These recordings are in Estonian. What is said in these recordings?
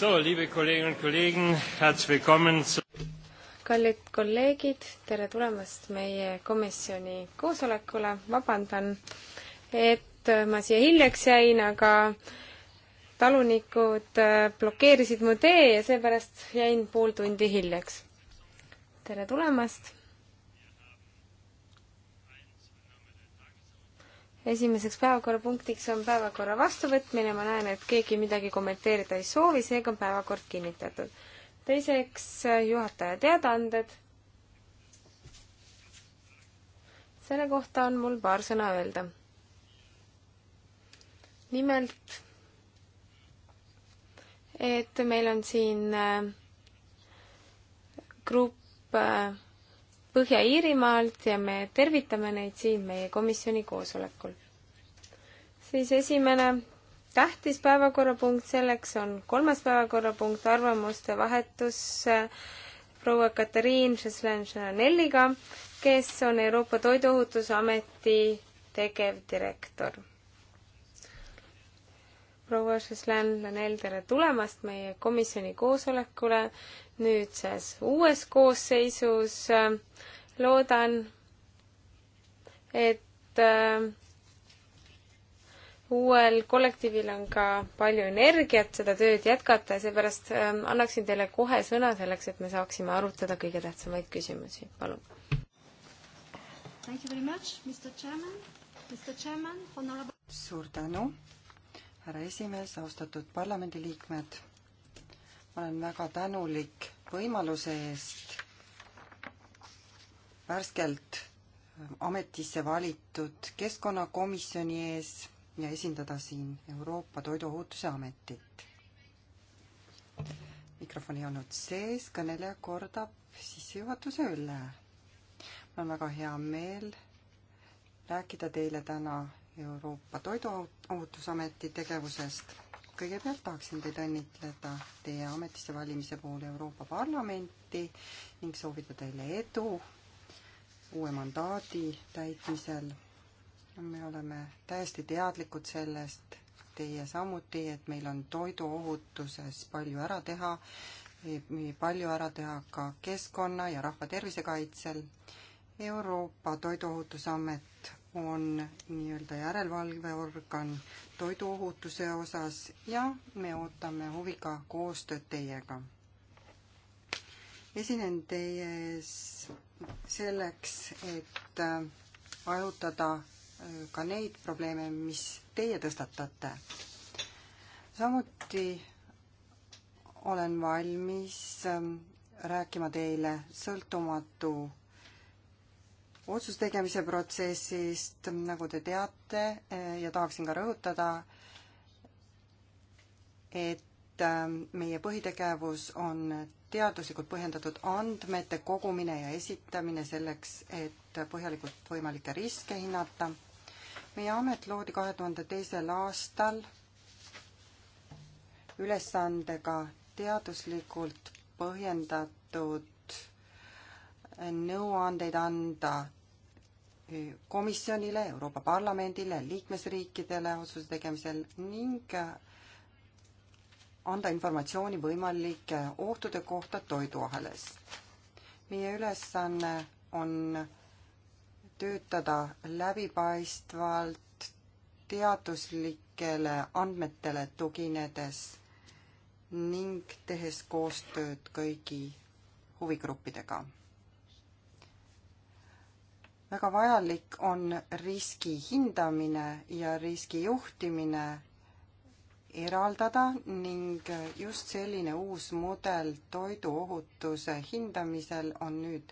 So, liebe Kolleginnen und Kollegen, herzlich willkommen zu kallid kolleegid, tere tulemast meie komisjoni koosolekule, vabandan, et ma siia hiljaks jäin, aga talunikud äh, blokeerisid mu tee ja seepärast jäin pool tundi hiljaks. tere tulemast esimeseks päevakorrapunktiks on päevakorra vastuvõtmine, ma näen, et keegi midagi kommenteerida ei soovi, seega on päevakord kinnitatud. teiseks äh, juhataja teadaanded. selle kohta on mul paar sõna öelda. nimelt, et meil on siin äh, grupp äh, Põhja-Iirimaalt ja me tervitame neid siin meie komisjoni koosolekul. siis esimene tähtis päevakorrapunkt selleks on kolmas päevakorrapunkt, arvamuste vahetus äh, proua Katariin Šeslen-Šaneliga, kes on Euroopa Toiduohutusameti tegevdirektor proua Žislen Lanel, tere tulemast meie komisjoni koosolekule nüüdses uues koosseisus. loodan, et äh, uuel kollektiivil on ka palju energiat seda tööd jätkata ja seepärast äh, annaksin teile kohe sõna selleks, et me saaksime arutada kõige tähtsamaid küsimusi. palun. suur tänu härra esimees, austatud parlamendiliikmed. ma olen väga tänulik võimaluse eest värskelt ametisse valitud keskkonnakomisjoni ees ja esindada siin Euroopa Toiduohutuse Ametit. mikrofon ei olnud sees, kõneleja kordab sissejuhatuse üle. mul on väga hea meel rääkida teile täna Euroopa Toiduohutusameti tegevusest. kõigepealt tahaksin teid õnnitleda teie ametisse valimise puhul Euroopa Parlamenti ning soovida teile edu uue mandaadi täitmisel. me oleme täiesti teadlikud sellest, teie samuti, et meil on toiduohutuses palju ära teha, palju ära teha ka keskkonna ja rahva tervise kaitsel Euroopa Toiduohutusamet on nii-öelda järelevalveorgan toiduohutuse osas ja me ootame huviga koostööd teiega. esinen teie ees selleks, et äh, arutada äh, ka neid probleeme, mis teie tõstatate. samuti olen valmis äh, rääkima teile sõltumatu otsustegemise protsessist, nagu te teate eh, ja tahaksin ka rõhutada, et ähm, meie põhitegevus on teaduslikult põhjendatud andmete kogumine ja esitamine selleks, et põhjalikult võimalikke riske hinnata. meie amet loodi kahe tuhande teisel aastal ülesandega teaduslikult põhjendatud nõuandeid anda komisjonile, Euroopa Parlamendile, liikmesriikidele otsuse tegemisel ning anda informatsiooni võimalike ohtude kohta toiduaheles. meie ülesanne on töötada läbipaistvalt teaduslikele andmetele tuginedes ning tehes koostööd kõigi huvigruppidega väga vajalik on riski hindamine ja riski juhtimine eraldada ning just selline uus mudel toiduohutuse hindamisel on nüüd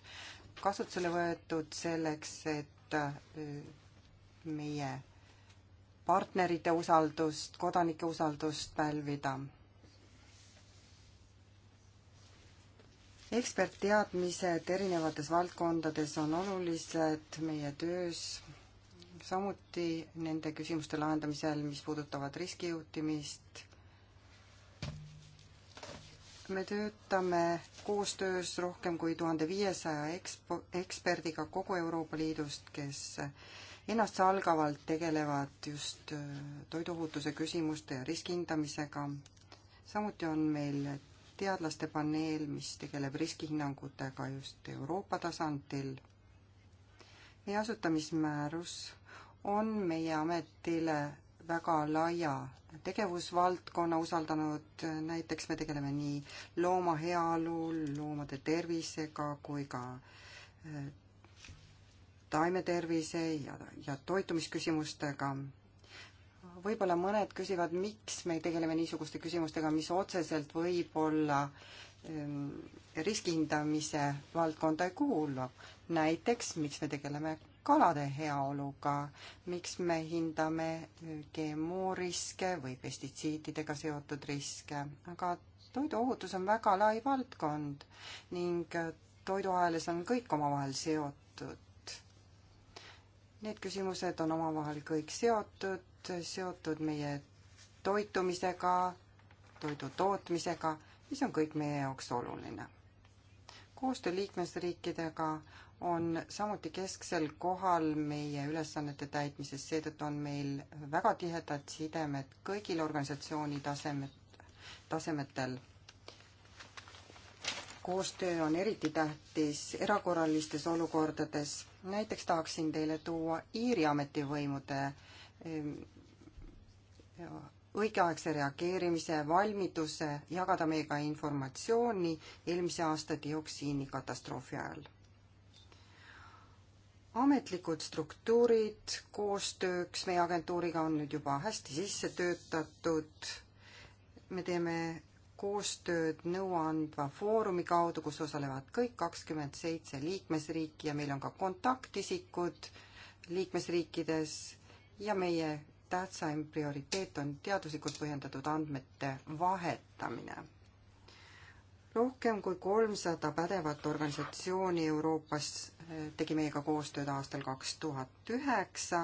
kasutusele võetud selleks, et äh, meie partnerite usaldust, kodanike usaldust pälvida ekspertteadmised erinevates valdkondades on olulised meie töös, samuti nende küsimuste lahendamisel, mis puudutavad riskijuhtimist. me töötame koostöös rohkem kui tuhande viiesaja ekspo-, eksperdiga kogu Euroopa Liidust, kes ennastsalgavalt tegelevad just äh, toiduohutuse küsimuste ja riskihindamisega. samuti on meil teadlaste paneel, mis tegeleb riskihinnangutega just Euroopa tasandil. meie asutamismäärus on meie ametile väga laia tegevusvaldkonna usaldanud, näiteks me tegeleme nii looma heaolu, loomade tervisega kui ka eh, taimetervise ja, ja toitumisküsimustega võib-olla mõned küsivad, miks me tegeleme niisuguste küsimustega, mis otseselt võib-olla ähm, riskihindamise valdkonda ei kuulu. näiteks, miks me tegeleme kalade heaoluga, miks me hindame äh, GMO riske või pestitsiididega seotud riske, aga toiduohutus on väga lai valdkond ning äh, toiduahelas on kõik omavahel seotud. Need küsimused on omavahel kõik seotud seotud meie toitumisega, toidu tootmisega, mis on kõik meie jaoks oluline. koostöö liikmesriikidega on samuti kesksel kohal meie ülesannete täitmises, seetõttu on meil väga tihedad sidemed kõigil organisatsiooni tasemet, tasemetel. koostöö on eriti tähtis erakorralistes olukordades. näiteks tahaksin teile tuua Iiri ametivõimude äh, õigeaegse reageerimise, valmiduse jagada meiega informatsiooni eelmise aasta dioksiinikatastroofi ajal. ametlikud struktuurid koostööks meie agentuuriga on nüüd juba hästi sisse töötatud. me teeme koostööd nõuandva foorumi kaudu, kus osalevad kõik kakskümmend seitse liikmesriiki ja meil on ka kontaktisikud liikmesriikides ja meie tähtsaim prioriteet on teaduslikult põhjendatud andmete vahetamine. rohkem kui kolmsada pädevat organisatsiooni Euroopas eh, tegi meiega koostööd aastal kaks tuhat üheksa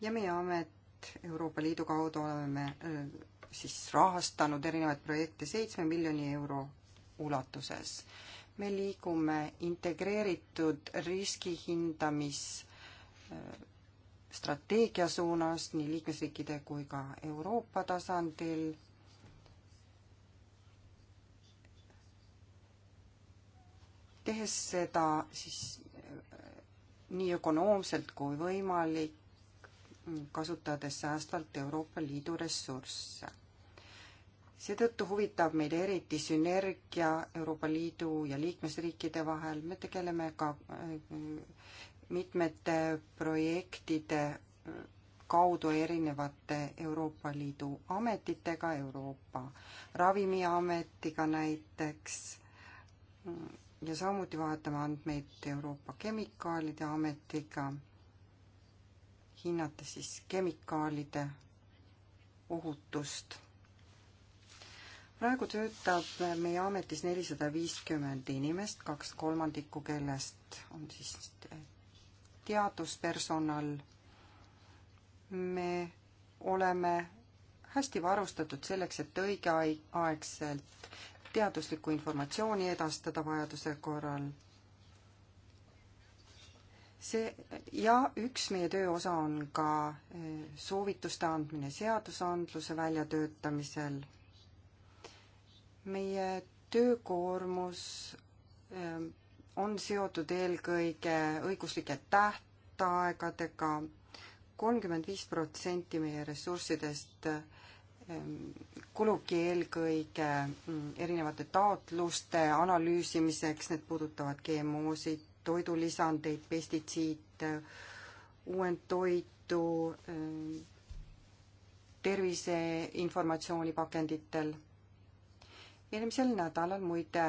ja meie amet Euroopa Liidu kaudu oleme eh, siis rahastanud erinevaid projekte seitsme miljoni euro ulatuses. me liigume integreeritud riskihindamis eh, strateegia suunas nii liikmesriikide kui ka Euroopa tasandil. tehes seda siis äh, nii ökonoomselt kui võimalik, kasutades säästvalt Euroopa Liidu ressursse. seetõttu huvitab meid eriti sünergia Euroopa Liidu ja liikmesriikide vahel, me tegeleme ka äh, mitmete projektide kaudu erinevate Euroopa Liidu ametitega, Euroopa Ravimiametiga näiteks ja samuti vahetame andmeid Euroopa Kemikaalide Ametiga, hinnates siis kemikaalide ohutust praegu töötab meie ametis nelisada viiskümmend inimest, kaks kolmandikku, kellest on siis teaduspersonal. me oleme hästi varustatud selleks, et õigeaegselt teaduslikku informatsiooni edastada vajaduse korral. see ja üks meie töö osa on ka eh, soovituste andmine seadusandluse väljatöötamisel. meie töökoormus eh, on seotud eelkõige õiguslike tähtaegadega, kolmkümmend viis protsenti meie ressurssidest ehm, kulubki eelkõige mm, erinevate taotluste analüüsimiseks, need puudutavad GMO-sid, toidulisandeid, pestitsiite, uuendtoitu, ehm, terviseinformatsiooni pakenditel. eelmisel nädalal muide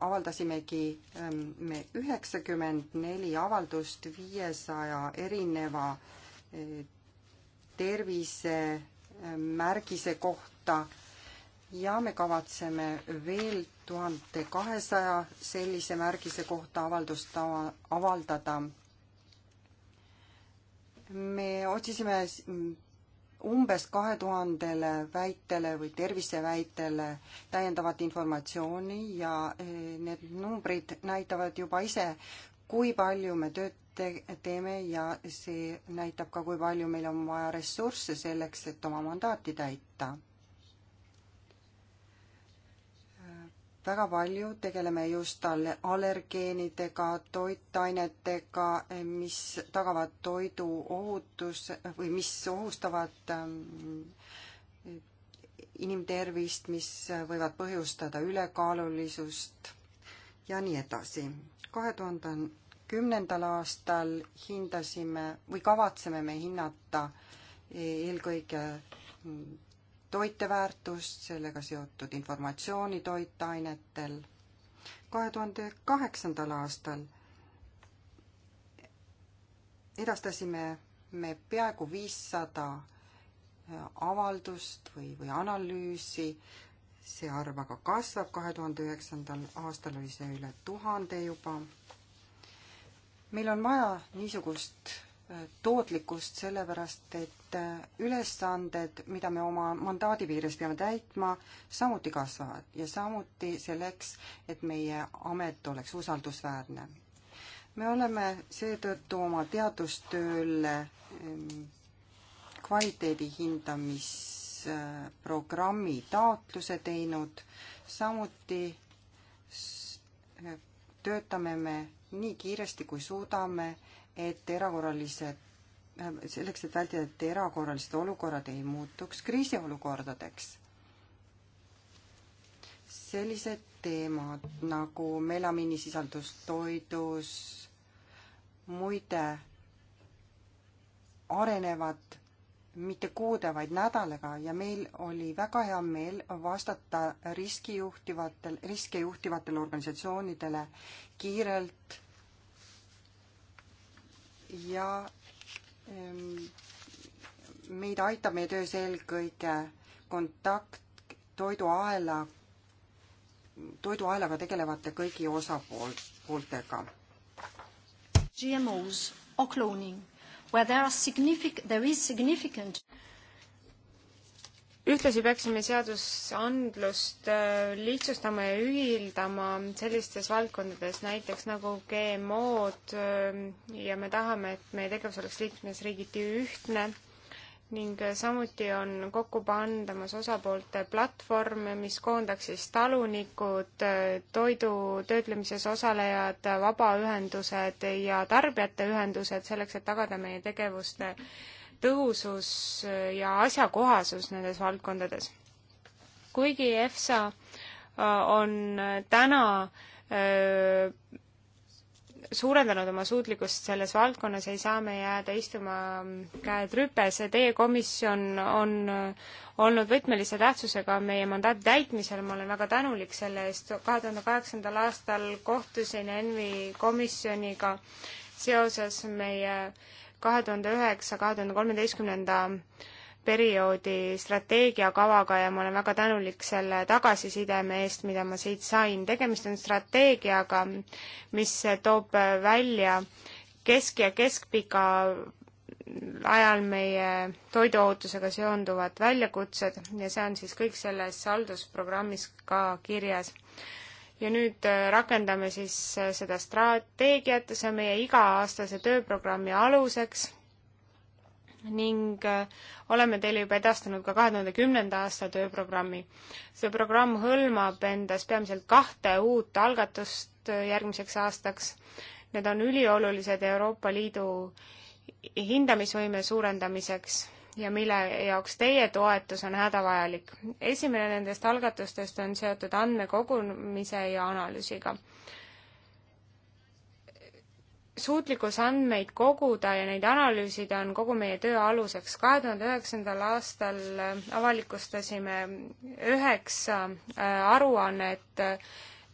avaldasimegi ähm, me üheksakümmend neli avaldust viiesaja erineva äh, tervisemärgise äh, kohta ja me kavatseme veel tuhande kahesaja sellise märgise kohta avaldust avaldada. me otsisime umbes kahe tuhandele väitele või terviseväitele täiendavat informatsiooni ja eh, need numbrid näitavad juba ise, kui palju me tööd te-, teeme ja see näitab ka, kui palju meil on vaja ressursse selleks, et oma mandaati täita väga palju tegeleme just allergeenidega, toitainetega, mis tagavad toidu ohutus või mis ohustavad ähm, inimtervist, mis võivad põhjustada ülekaalulisust ja nii edasi. kahe tuhande kümnendal aastal hindasime või kavatseme me hinnata eelkõige mm, toiteväärtust, sellega seotud informatsiooni toitainetel. kahe tuhande kaheksandal aastal edastasime me peaaegu viissada äh, avaldust või, või analüüsi, see arv aga kasvab, kahe tuhande üheksandal aastal oli see üle tuhande juba. meil on vaja niisugust tootlikkust, sellepärast et ülesanded, mida me oma mandaadi piires peame täitma, samuti kasvavad ja samuti selleks, et meie amet oleks usaldusväärne. me oleme seetõttu oma teadustööle ehm, kvaliteedi hindamisprogrammi taotluse teinud, samuti töötame me nii kiiresti, kui suudame et erakorralised, selleks, et vältida, et erakorralised olukorrad ei muutuks kriisiolukordadeks. sellised teemad nagu melamiinisisaldus toidus, muide arenevad mitte kuude, vaid nädalaga ja meil oli väga hea meel vastata riskijuhtivatel, riske juhtivatele organisatsioonidele kiirelt ja ehm, meid aitab meie töös eelkõige kontakt toiduaela, toiduaelaga tegelevate kõigi osapooltega. GMO-s or cloning, where there are significant, there is significant ühtlasi peaksime seadusandlust äh, lihtsustama ja ühildama sellistes valdkondades, näiteks nagu GMO-d äh, ja me tahame, et meie tegevus oleks liikmesriigiti ühtne ning äh, samuti on kokku pandamas osapoolte platvorm, mis koondaks siis talunikud, toidu töötlemises osalejad, vabaühendused ja tarbijate ühendused selleks, et tagada meie tegevuste tõhusus ja asjakohasus nendes valdkondades. kuigi EFSA äh, on äh, täna öö, äh, suurendanud oma suutlikkust selles valdkonnas, ei saa me jääda istuma ähm, käed rüpes. Teie komisjon on olnud võtmelise tähtsusega meie mandaadi täitmisel, ma olen väga tänulik selle eest. kahe tuhande kaheksandal aastal kohtusin ENVI komisjoniga seoses meie äh, kahe tuhande üheksa, kahe tuhande kolmeteistkümnenda perioodi strateegiakavaga ja ma olen väga tänulik selle tagasisideme eest, mida ma siit sain. tegemist on strateegiaga, mis toob välja kesk- ja keskpika ajal meie toiduohutusega seonduvad väljakutsed ja see on siis kõik selles haldusprogrammis ka kirjas ja nüüd äh, rakendame siis äh, seda strateegiat, see on meie iga-aastase tööprogrammi aluseks ning äh, oleme teile juba edastanud ka kahe tuhande kümnenda aasta tööprogrammi. see programm hõlmab endas peamiselt kahte uut algatust järgmiseks aastaks. Need on üliolulised Euroopa Liidu hindamisvõime suurendamiseks ja mille jaoks teie toetus on hädavajalik. esimene nendest algatustest on seotud andmekogumise ja analüüsiga. suutlikkus andmeid koguda ja neid analüüsida on kogu meie töö aluseks. kahe tuhande üheksandal aastal avalikustasime üheksa äh, aruannet äh,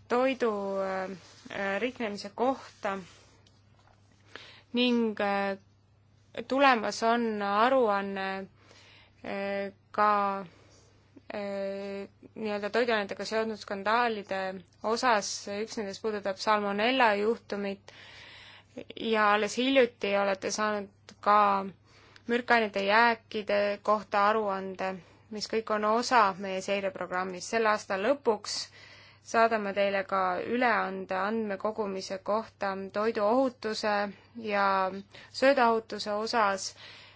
toidu äh, riknemise kohta ning tulemas on aruanne eh, ka eh, nii-öelda toiduainetega seotud skandaalide osas, üks nendest puudutab salmonella juhtumit ja alles hiljuti olete saanud ka mürkainete jääkide kohta aruande, mis kõik on osa meie seireprogrammist. selle aasta lõpuks saadame teile ka üleande andmekogumise kohta toiduohutuse ja söödaohutuse osas.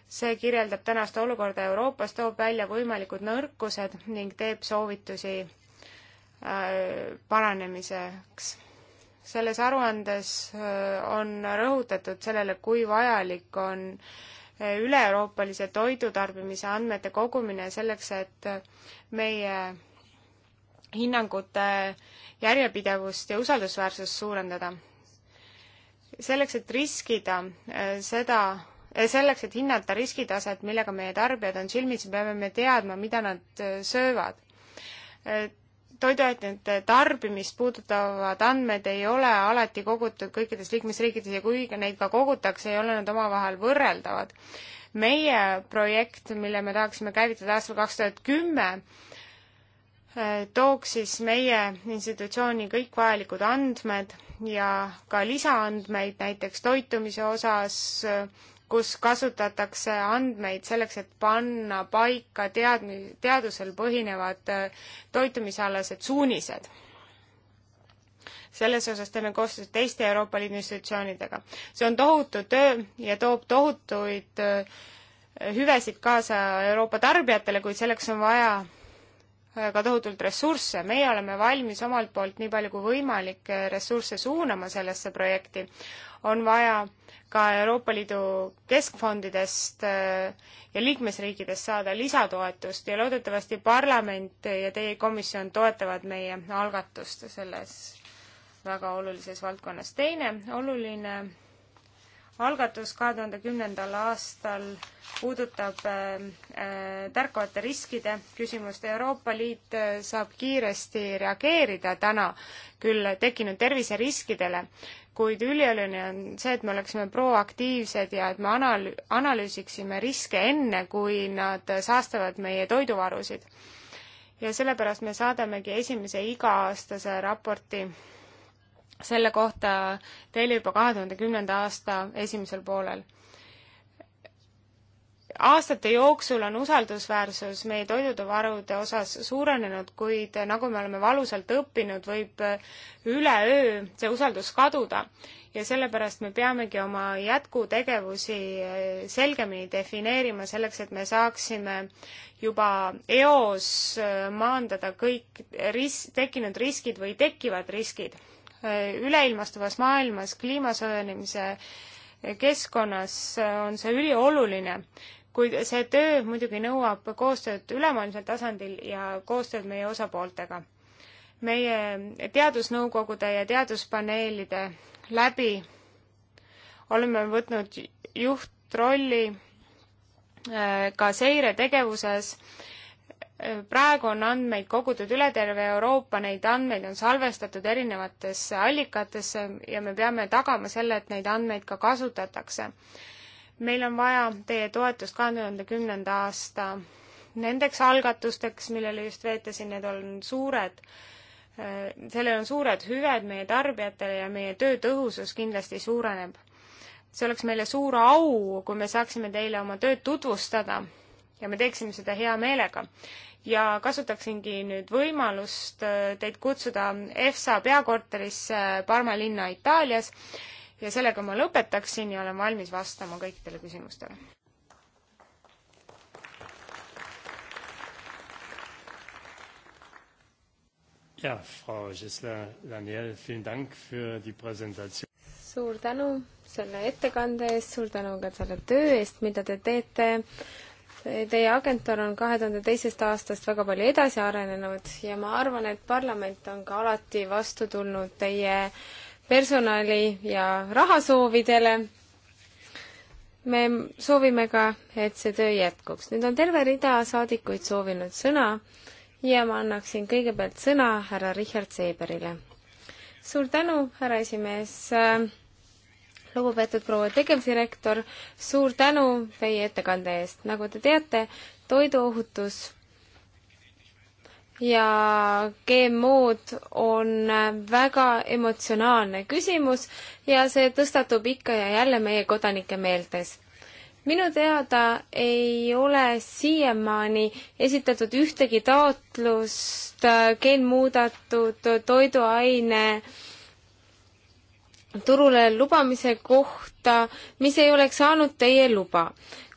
see kirjeldab tänast olukorda Euroopas, toob välja võimalikud nõrkused ning teeb soovitusi äh, paranemiseks. selles aruandes äh, on rõhutatud sellele, kui vajalik on äh, üle-euroopalise toidutarbimise andmete kogumine selleks, et meie hinnangute järjepidevust ja usaldusväärsust suurendada. selleks, et riskida äh, seda, äh, selleks, et hinnata riskitaset, millega meie tarbijad on silmitsi, peame me teadma, mida nad äh, söövad. toiduainete tarbimist puudutavad andmed ei ole alati kogutud kõikides liikmesriikides ja kui neid ka kogutakse, ei ole nad omavahel võrreldavad. meie projekt, mille me tahaksime käivitada aastal kaks tuhat kümme, Äh, tooks siis meie institutsiooni kõik vajalikud andmed ja ka lisaandmeid näiteks toitumise osas, kus kasutatakse andmeid selleks, et panna paika teadmi-, teadusel põhinevad äh, toitumisalased suunised. selles osas teeme koostööd teiste Euroopa Liidu institutsioonidega. see on tohutu töö ja toob tohutuid äh, hüvesid kaasa Euroopa tarbijatele, kuid selleks on vaja Äh, ka tohutult ressursse, meie oleme valmis omalt poolt nii palju kui võimalik äh, ressursse suunama sellesse projekti, on vaja ka Euroopa Liidu keskfondidest äh, ja liikmesriikidest saada lisatoetust ja loodetavasti parlament ja teie komisjon toetavad meie algatust selles väga olulises valdkonnas. teine oluline algatus kahe tuhande kümnendal aastal puudutab äh, tärkavate riskide küsimust. Euroopa Liit äh, saab kiiresti reageerida täna küll tekkinud terviseriskidele, kuid ülioluline on see, et me oleksime proaktiivsed ja et me anal-, analüüsiksime riske enne, kui nad saastavad meie toiduvarusid. ja sellepärast me saadamegi esimese iga-aastase raporti selle kohta teile juba kahe tuhande kümnenda aasta esimesel poolel. aastate jooksul on usaldusväärsus meie toiduvarude osas suurenenud, kuid nagu me oleme valusalt õppinud, võib üleöö see usaldus kaduda ja sellepärast me peamegi oma jätkutegevusi selgemini defineerima selleks, et me saaksime juba eos maandada kõik ris-, tekkinud riskid või tekkivad riskid üleilmastuvas maailmas, kliima soojenemise keskkonnas on see ülioluline, kuid see töö muidugi nõuab koostööd ülemaailmsel tasandil ja koostööd meie osapooltega. meie teadusnõukogude ja teaduspaneelide läbi oleme võtnud juhtrolli äh, ka seiretegevuses praegu on andmeid kogutud üle terve Euroopa, neid andmeid on salvestatud erinevatesse allikatesse ja me peame tagama selle, et neid andmeid ka kasutatakse. meil on vaja teie toetust kahe tuhande kümnenda aasta nendeks algatusteks, millele just veetasin, need on suured sellel on suured hüved meie tarbijatele ja meie töö tõhusus kindlasti suureneb. see oleks meile suur au, kui me saaksime teile oma tööd tutvustada ja me teeksime seda hea meelega. ja kasutaksingi nüüd võimalust äh, teid kutsuda EFSA peakorterisse äh, Parma linna Itaalias ja sellega ma lõpetaksin ja olen valmis vastama kõikidele küsimustele. Ja, Frau Gisler Daniel, vielen Dank für die Präsentation. suur tänu selle ettekande eest, suur tänu ka selle töö eest, mida te teete Teie agentuur on kahe tuhande teisest aastast väga palju edasi arenenud ja ma arvan, et parlament on ka alati vastu tulnud teie personali ja rahasoovidele. me soovime ka, et see töö jätkuks. nüüd on terve rida saadikuid soovinud sõna ja ma annaksin kõigepealt sõna härra Richard Seeberile. suur tänu, härra esimees äh, lugupeetud proua tegevdirektor, suur tänu teie ettekande eest. nagu te teate, toiduohutus ja GMO-d on väga emotsionaalne küsimus ja see tõstatub ikka ja jälle meie kodanike meeltes minu teada ei ole siiamaani esitatud ühtegi taotlust äh, geenmuudatud toiduaine äh, turule lubamise kohta, mis ei oleks saanud teie luba.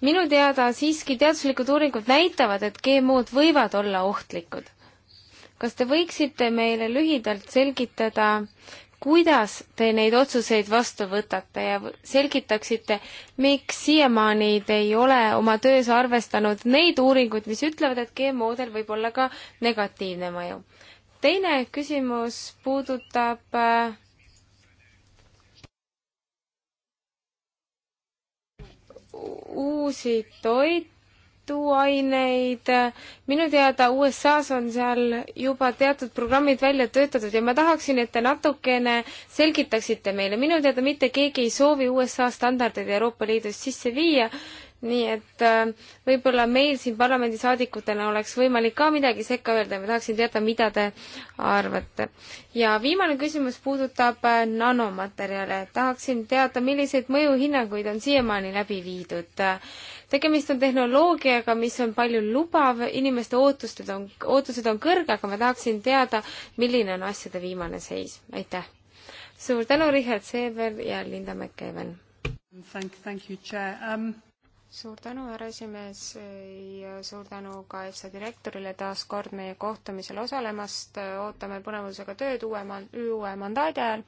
minu teada siiski teaduslikud uuringud näitavad, et GMO-d võivad olla ohtlikud. kas te võiksite meile lühidalt selgitada, kuidas te neid otsuseid vastu võtate ja selgitaksite, miks siiamaani te ei ole oma töös arvestanud neid uuringuid, mis ütlevad, et GMO-del võib olla ka negatiivne mõju? teine küsimus puudutab äh, uusi toituaineid. minu teada USA-s on seal juba teatud programmid välja töötatud ja ma tahaksin, et te natukene selgitaksite meile. minu teada mitte keegi ei soovi USA standardeid Euroopa Liidus sisse viia nii et äh, võib-olla meil siin parlamendisaadikutena oleks võimalik ka midagi sekka öelda ja ma tahaksin teada, mida te arvate. ja viimane küsimus puudutab äh, nanomaterjale. tahaksin teada, milliseid mõjuhinnanguid on siiamaani läbi viidud. tegemist on tehnoloogiaga, mis on palju lubav, inimeste ootused on, ootused on kõrge, aga ma tahaksin teada, milline on asjade viimane seis. aitäh! suur tänu, Richard Seeber ja Linda McEwen! Thank, thank you, Chair. Um suur tänu, härra esimees ja suur tänu ka EFSA direktorile taas kord meie kohtumisel osalemast, ootame põnevusega tööd uue man-, uue mandaadi ajal.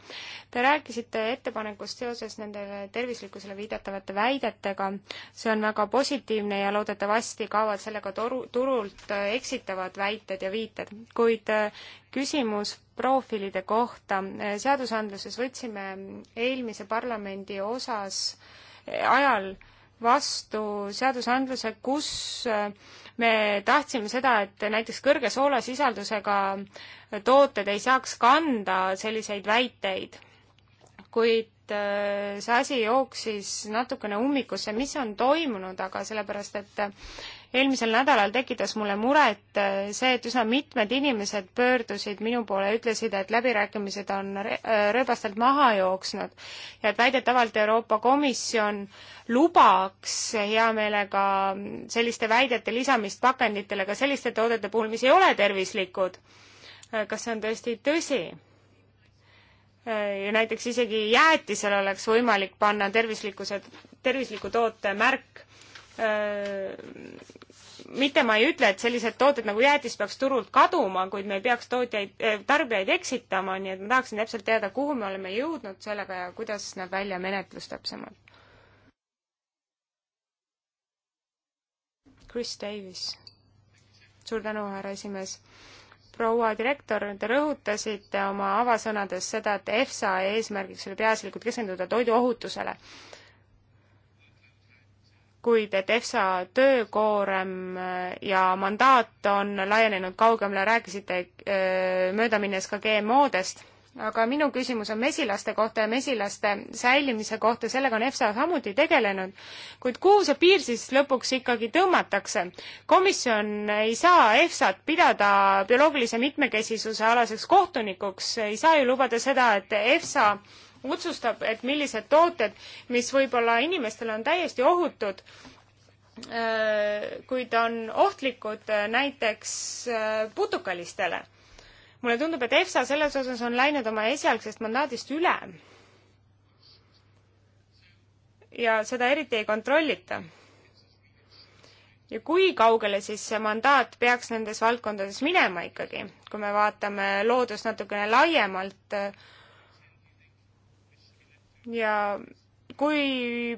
Te rääkisite ettepanekust seoses nende tervislikkusele viidatavate väidetega, see on väga positiivne ja loodetavasti kaovad sellega toru, turult eksitavad väited ja viited, kuid äh, küsimus profiilide kohta, seadusandluses võtsime eelmise parlamendi osas äh, ajal vastu seadusandluse, kus äh, me tahtsime seda, et näiteks kõrge soolasisaldusega tooted ei saaks kanda selliseid väiteid. kuid äh, see asi jooksis natukene ummikusse, mis on toimunud, aga sellepärast, et eelmisel nädalal tekitas mulle muret äh, see, et üsna mitmed inimesed pöördusid minu poole ja ütlesid, et läbirääkimised on äh, rööbastelt maha jooksnud ja et väidetavalt Euroopa Komisjon lubaks hea meelega selliste väidete lisamist pakenditele ka selliste toodete puhul, mis ei ole tervislikud. Äh, kas see on tõesti tõsi? ja näiteks isegi jäätisel oleks võimalik panna tervislikkuse, tervisliku toote märk Äh, mitte ma ei ütle, et sellised tooted nagu jäätis peaks turult kaduma, kuid me ei peaks tootjaid, äh, tarbijaid eksitama, nii et ma tahaksin täpselt teada, kuhu me oleme jõudnud sellega ja kuidas näeb välja menetlus täpsemalt. Chris Davis. suur tänu, härra esimees proua direktor, te rõhutasite oma avasõnades seda, et EFSA eesmärgiks oli peaasjalikult keskenduda toiduohutusele kuid et EFSA töökoorem äh, ja mandaat on laienenud kaugemale, rääkisite äh, möödaminnes ka GMO-dest, aga minu küsimus on mesilaste kohta ja mesilaste säilimise kohta, sellega on EFSA samuti tegelenud, kuid kuhu see piir siis lõpuks ikkagi tõmmatakse? komisjon ei saa EFSA-t pidada bioloogilise mitmekesisuse alaseks kohtunikuks, ei saa ju lubada seda, et EFSA otsustab, et millised tooted, mis võib-olla inimestele on täiesti ohutud, äh, kuid on ohtlikud äh, näiteks äh, putukalistele. mulle tundub, et EFSA selles osas on läinud oma esialgsest mandaadist üle. ja seda eriti ei kontrollita. ja kui kaugele siis see mandaat peaks nendes valdkondades minema ikkagi, kui me vaatame loodust natukene laiemalt äh, ja kui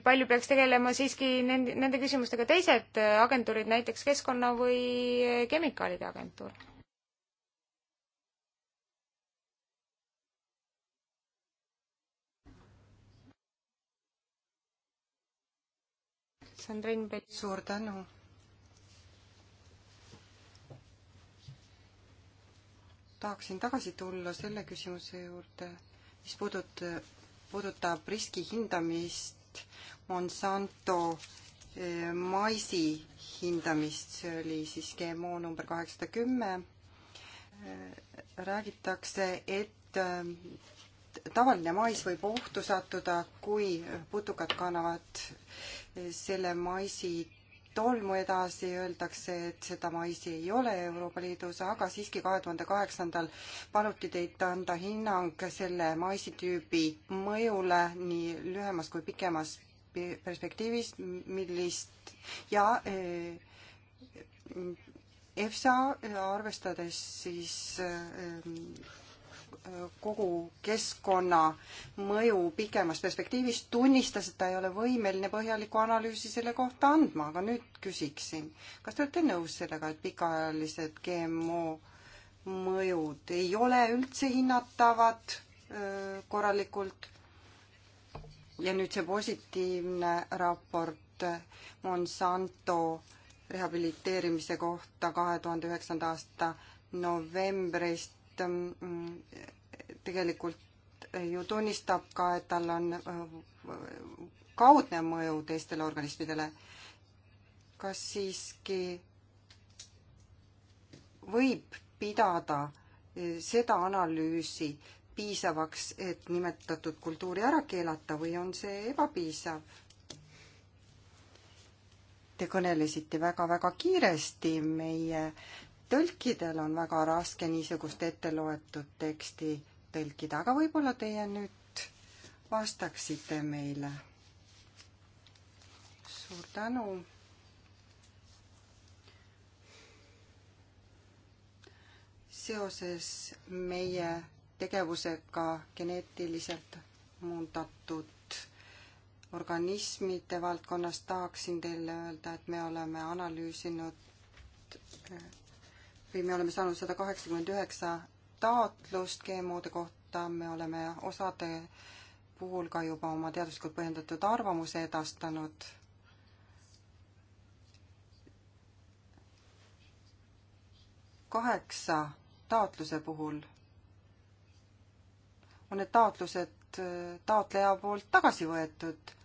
palju peaks tegelema siiski nende, nende küsimustega teised agentuurid, näiteks keskkonna või kemikaalide agentuur? Sandrine Pell. suur tänu. tahaksin tagasi tulla selle küsimuse juurde, mis puudutab puudutab riski hindamist Monsanto eh, maisi hindamist, see oli siis GMO number kaheksasada kümme, eh, räägitakse, et eh, tavaline mais võib ohtu sattuda, kui putukad kannavad selle maisi tolmu edasi, öeldakse, et seda maisi ei ole Euroopa Liidus, aga siiski kahe tuhande kaheksandal paluti teid anda hinnang selle maisitüübi mõjule nii lühemas kui pikemas perspektiivis, millist ja eh, EFSA, arvestades siis eh, kogu keskkonna mõju pikemas perspektiivis, tunnistas, et ta ei ole võimeline põhjalikku analüüsi selle kohta andma, aga nüüd küsiksin, kas te olete nõus sellega, et pikaajalised GMO mõjud ei ole üldse hinnatavad korralikult? ja nüüd see positiivne raport Monsanto rehabiliteerimise kohta kahe tuhande üheksanda aasta novembrist et mm, tegelikult ju tunnistab ka, et tal on äh, kaudne mõju teistele organismidele. kas siiski võib pidada äh, seda analüüsi piisavaks, et nimetatud kultuuri ära keelata või on see ebapiisav? Te kõnelesite väga-väga kiiresti, meie tõlkidel on väga raske niisugust ette loetud teksti tõlkida, aga võib-olla teie nüüd vastaksite meile. suur tänu. seoses meie tegevusega geneetiliselt muundatud organismide valdkonnas tahaksin teile öelda, et me oleme analüüsinud või me oleme saanud sada kaheksakümmend üheksa taotlust GMO-de kohta, me oleme osade puhul ka juba oma teaduslikult põhjendatud arvamuse edastanud kaheksa taotluse puhul on need taotlused taotleja poolt tagasi võetud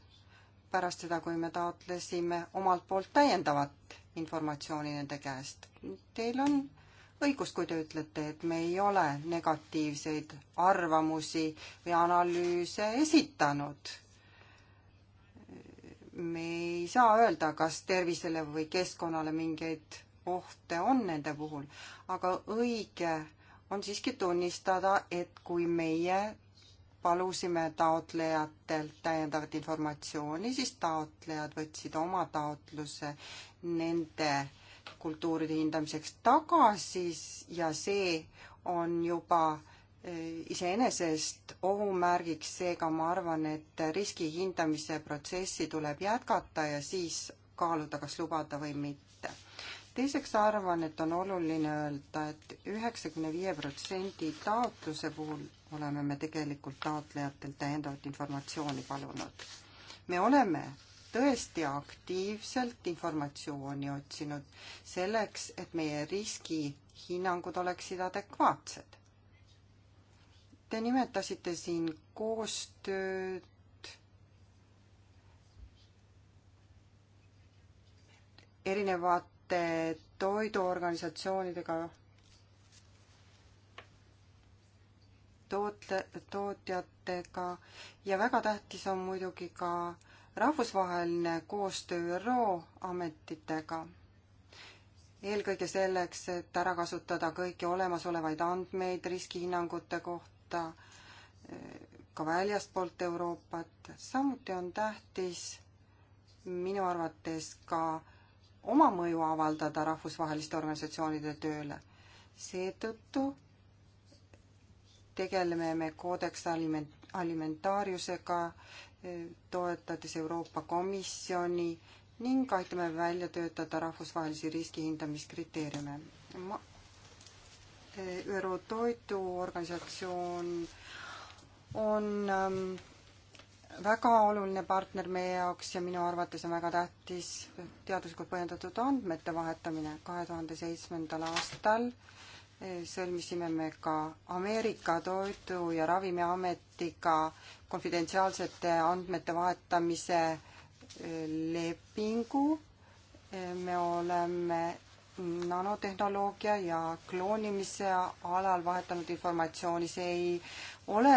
pärast seda, kui me taotlesime omalt poolt täiendavat informatsiooni nende käest. Teil on õigust, kui te ütlete, et me ei ole negatiivseid arvamusi või analüüse esitanud. me ei saa öelda, kas tervisele või keskkonnale mingeid ohte on nende puhul, aga õige on siiski tunnistada, et kui meie palusime taotlejatelt täiendavat informatsiooni, siis taotlejad võtsid oma taotluse nende äh, kultuuride hindamiseks tagasi ja see on juba e, iseenesest ohumärgiks, seega ma arvan, et riski hindamise protsessi tuleb jätkata ja siis kaaluda, kas lubada või mitte. teiseks arvan, et on oluline öelda et, et üheksakümne viie protsendi taotluse puhul oleme me tegelikult taotlejatelt täiendavat informatsiooni palunud. me oleme tõesti aktiivselt informatsiooni otsinud selleks, et meie riskihinnangud oleksid adekvaatsed. Te nimetasite siin koostööd erinevate toiduorganisatsioonidega, toote, tootjatega ja väga tähtis on muidugi ka rahvusvaheline koostöö ÜRO ametitega. eelkõige selleks, et ära kasutada kõiki olemasolevaid andmeid riskihinnangute kohta eh, ka väljastpoolt Euroopat, samuti on tähtis minu arvates ka oma mõju avaldada rahvusvaheliste organisatsioonide tööle. seetõttu tegeleme me koodeks aliment-, alimentaariusega, toetades Euroopa Komisjoni ning aitame välja töötada rahvusvahelisi riskihindamiskriteeriume. ÜRO Toiduorganisatsioon on ähm, väga oluline partner meie jaoks ja minu arvates on väga tähtis teaduslikult põhjendatud andmete vahetamine. kahe tuhande seitsmendal aastal sõlmisime me ka Ameerika Toidu- ja Ravimiametiga konfidentsiaalsete andmete vahetamise eh, lepingu. Eh, me oleme nanotehnoloogia ja kloonimise alal vahetanud informatsiooni, see ei ole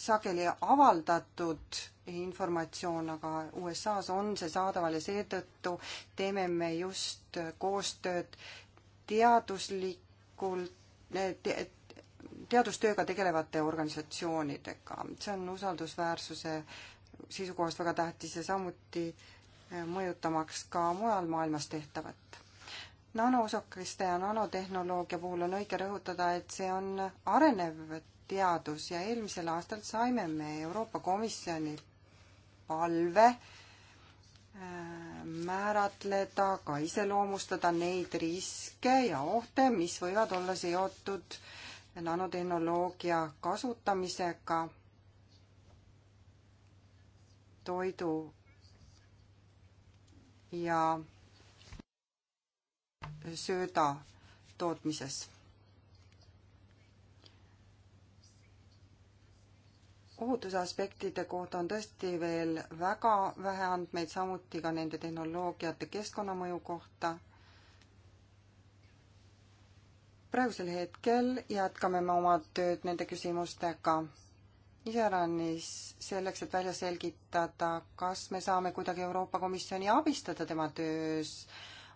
sageli avaldatud informatsioon, aga USA-s on see saadaval ja seetõttu teeme me just koostööd teaduslikult te,, teadustööga tegelevate organisatsioonidega. see on usaldusväärsuse seisukohast väga tähtis ja samuti eh, mõjutamaks ka mujal maailmas tehtavat nanoosakeste ja nanotehnoloogia puhul on õige rõhutada, et see on arenev teadus ja eelmisel aastal saime me Euroopa Komisjoni palve äh, määratleda, ka iseloomustada neid riske ja ohte, mis võivad olla seotud nanotehnoloogia kasutamisega toidu ja sööda tootmises ohutusaspektide kohta on tõesti veel väga vähe andmeid, samuti ka nende tehnoloogiate keskkonnamõju kohta. praegusel hetkel jätkame me oma tööd nende küsimustega. iseäranis selleks, et välja selgitada, kas me saame kuidagi Euroopa Komisjoni abistada tema töös,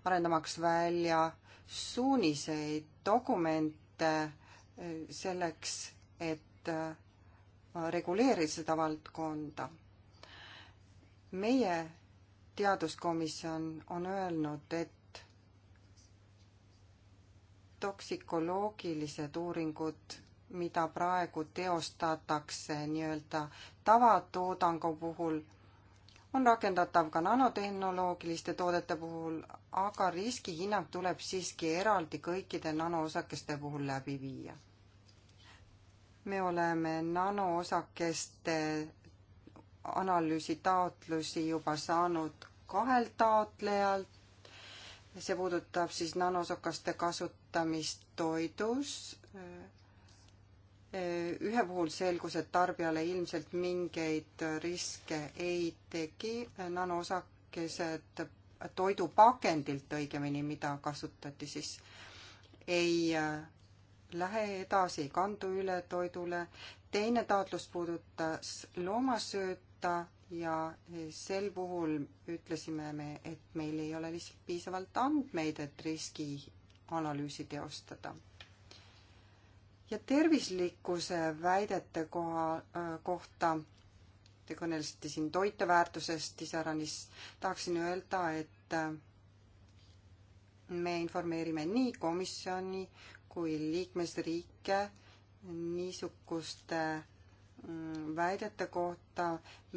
arendamaks välja suuniseid, dokumente eh, selleks, et eh, reguleeri seda valdkonda. meie teaduskomisjon on öelnud, et toksikoloogilised uuringud, mida praegu teostatakse nii-öelda tavatoodangu puhul, on rakendatav ka nanotehnoloogiliste toodete puhul, aga riskihinnang tuleb siiski eraldi kõikide nanoosakeste puhul läbi viia me oleme nanoosakeste analüüsitaotlusi juba saanud kahelt taotlejalt. see puudutab siis nanosakaste kasutamist toidus. ühe puhul selgus, et tarbijale ilmselt mingeid riske ei tegi, nanoosakesed toidupakendilt õigemini, mida kasutati siis, ei lähe edasi, ei kandu üle toidule. teine taotlus puudutas loomasööta ja sel puhul ütlesime me, et meil ei ole lihtsalt piisavalt andmeid, et riskianalüüsi teostada. ja tervislikkuse väidete koha, äh, kohta te kõnelesite siin toiteväärtusest iseäranis, tahaksin öelda, et äh, me informeerime nii komisjoni kui liikmesriike niisuguste mm, väidete kohta.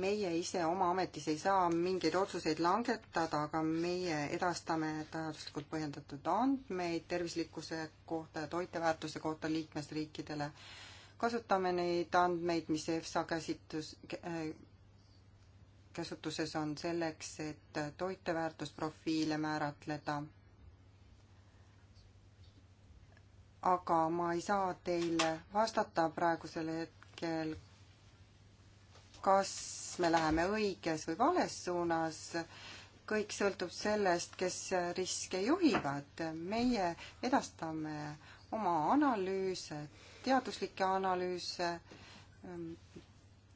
meie ise oma ametis ei saa mingeid otsuseid langetada, aga meie edastame teaduslikult põhjendatud andmeid tervislikkuse kohta ja toiteväärtuse kohta liikmesriikidele. kasutame neid andmeid, mis EFSA käsitlus, äh, käsutuses on selleks, et toiteväärtusprofiile määratleda aga ma ei saa teile vastata praegusel hetkel, kas me läheme õiges või vales suunas. kõik sõltub sellest, kes riske juhivad. meie edastame oma analüüse, teaduslikke analüüse ähm,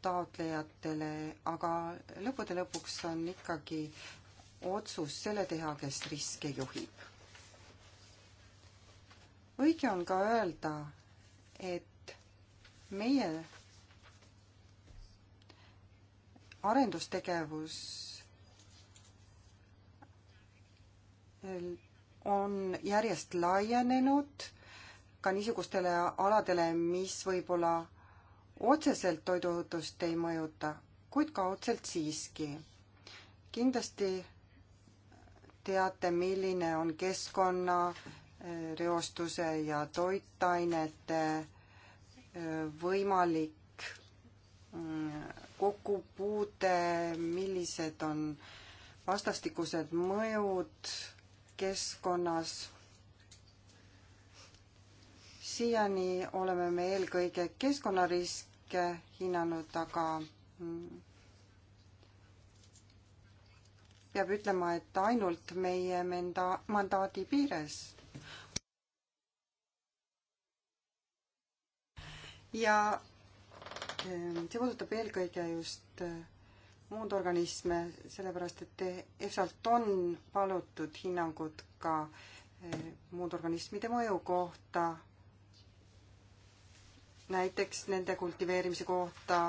taotlejatele, aga lõppude lõpuks on ikkagi otsus selle teha, kes riske juhib õige on ka öelda, et meie arendustegevus on järjest laienenud ka niisugustele aladele, mis võib-olla otseselt toiduohutust ei mõjuta, kuid kaudselt siiski. kindlasti teate, milline on keskkonna reostuse ja toitainete äh, võimalik äh, kokkupuude, millised on vastastikused mõjud keskkonnas siiani oleme me eelkõige keskkonnariske hinnanud, aga mm, peab ütlema, et ainult meie menda-, mandaadi piires. ja ehm, see puudutab eelkõige just eh, muud organisme, sellepärast et EFSA-lt on palutud hinnangut ka eh, muud organismide mõju kohta, näiteks nende kultiveerimise kohta,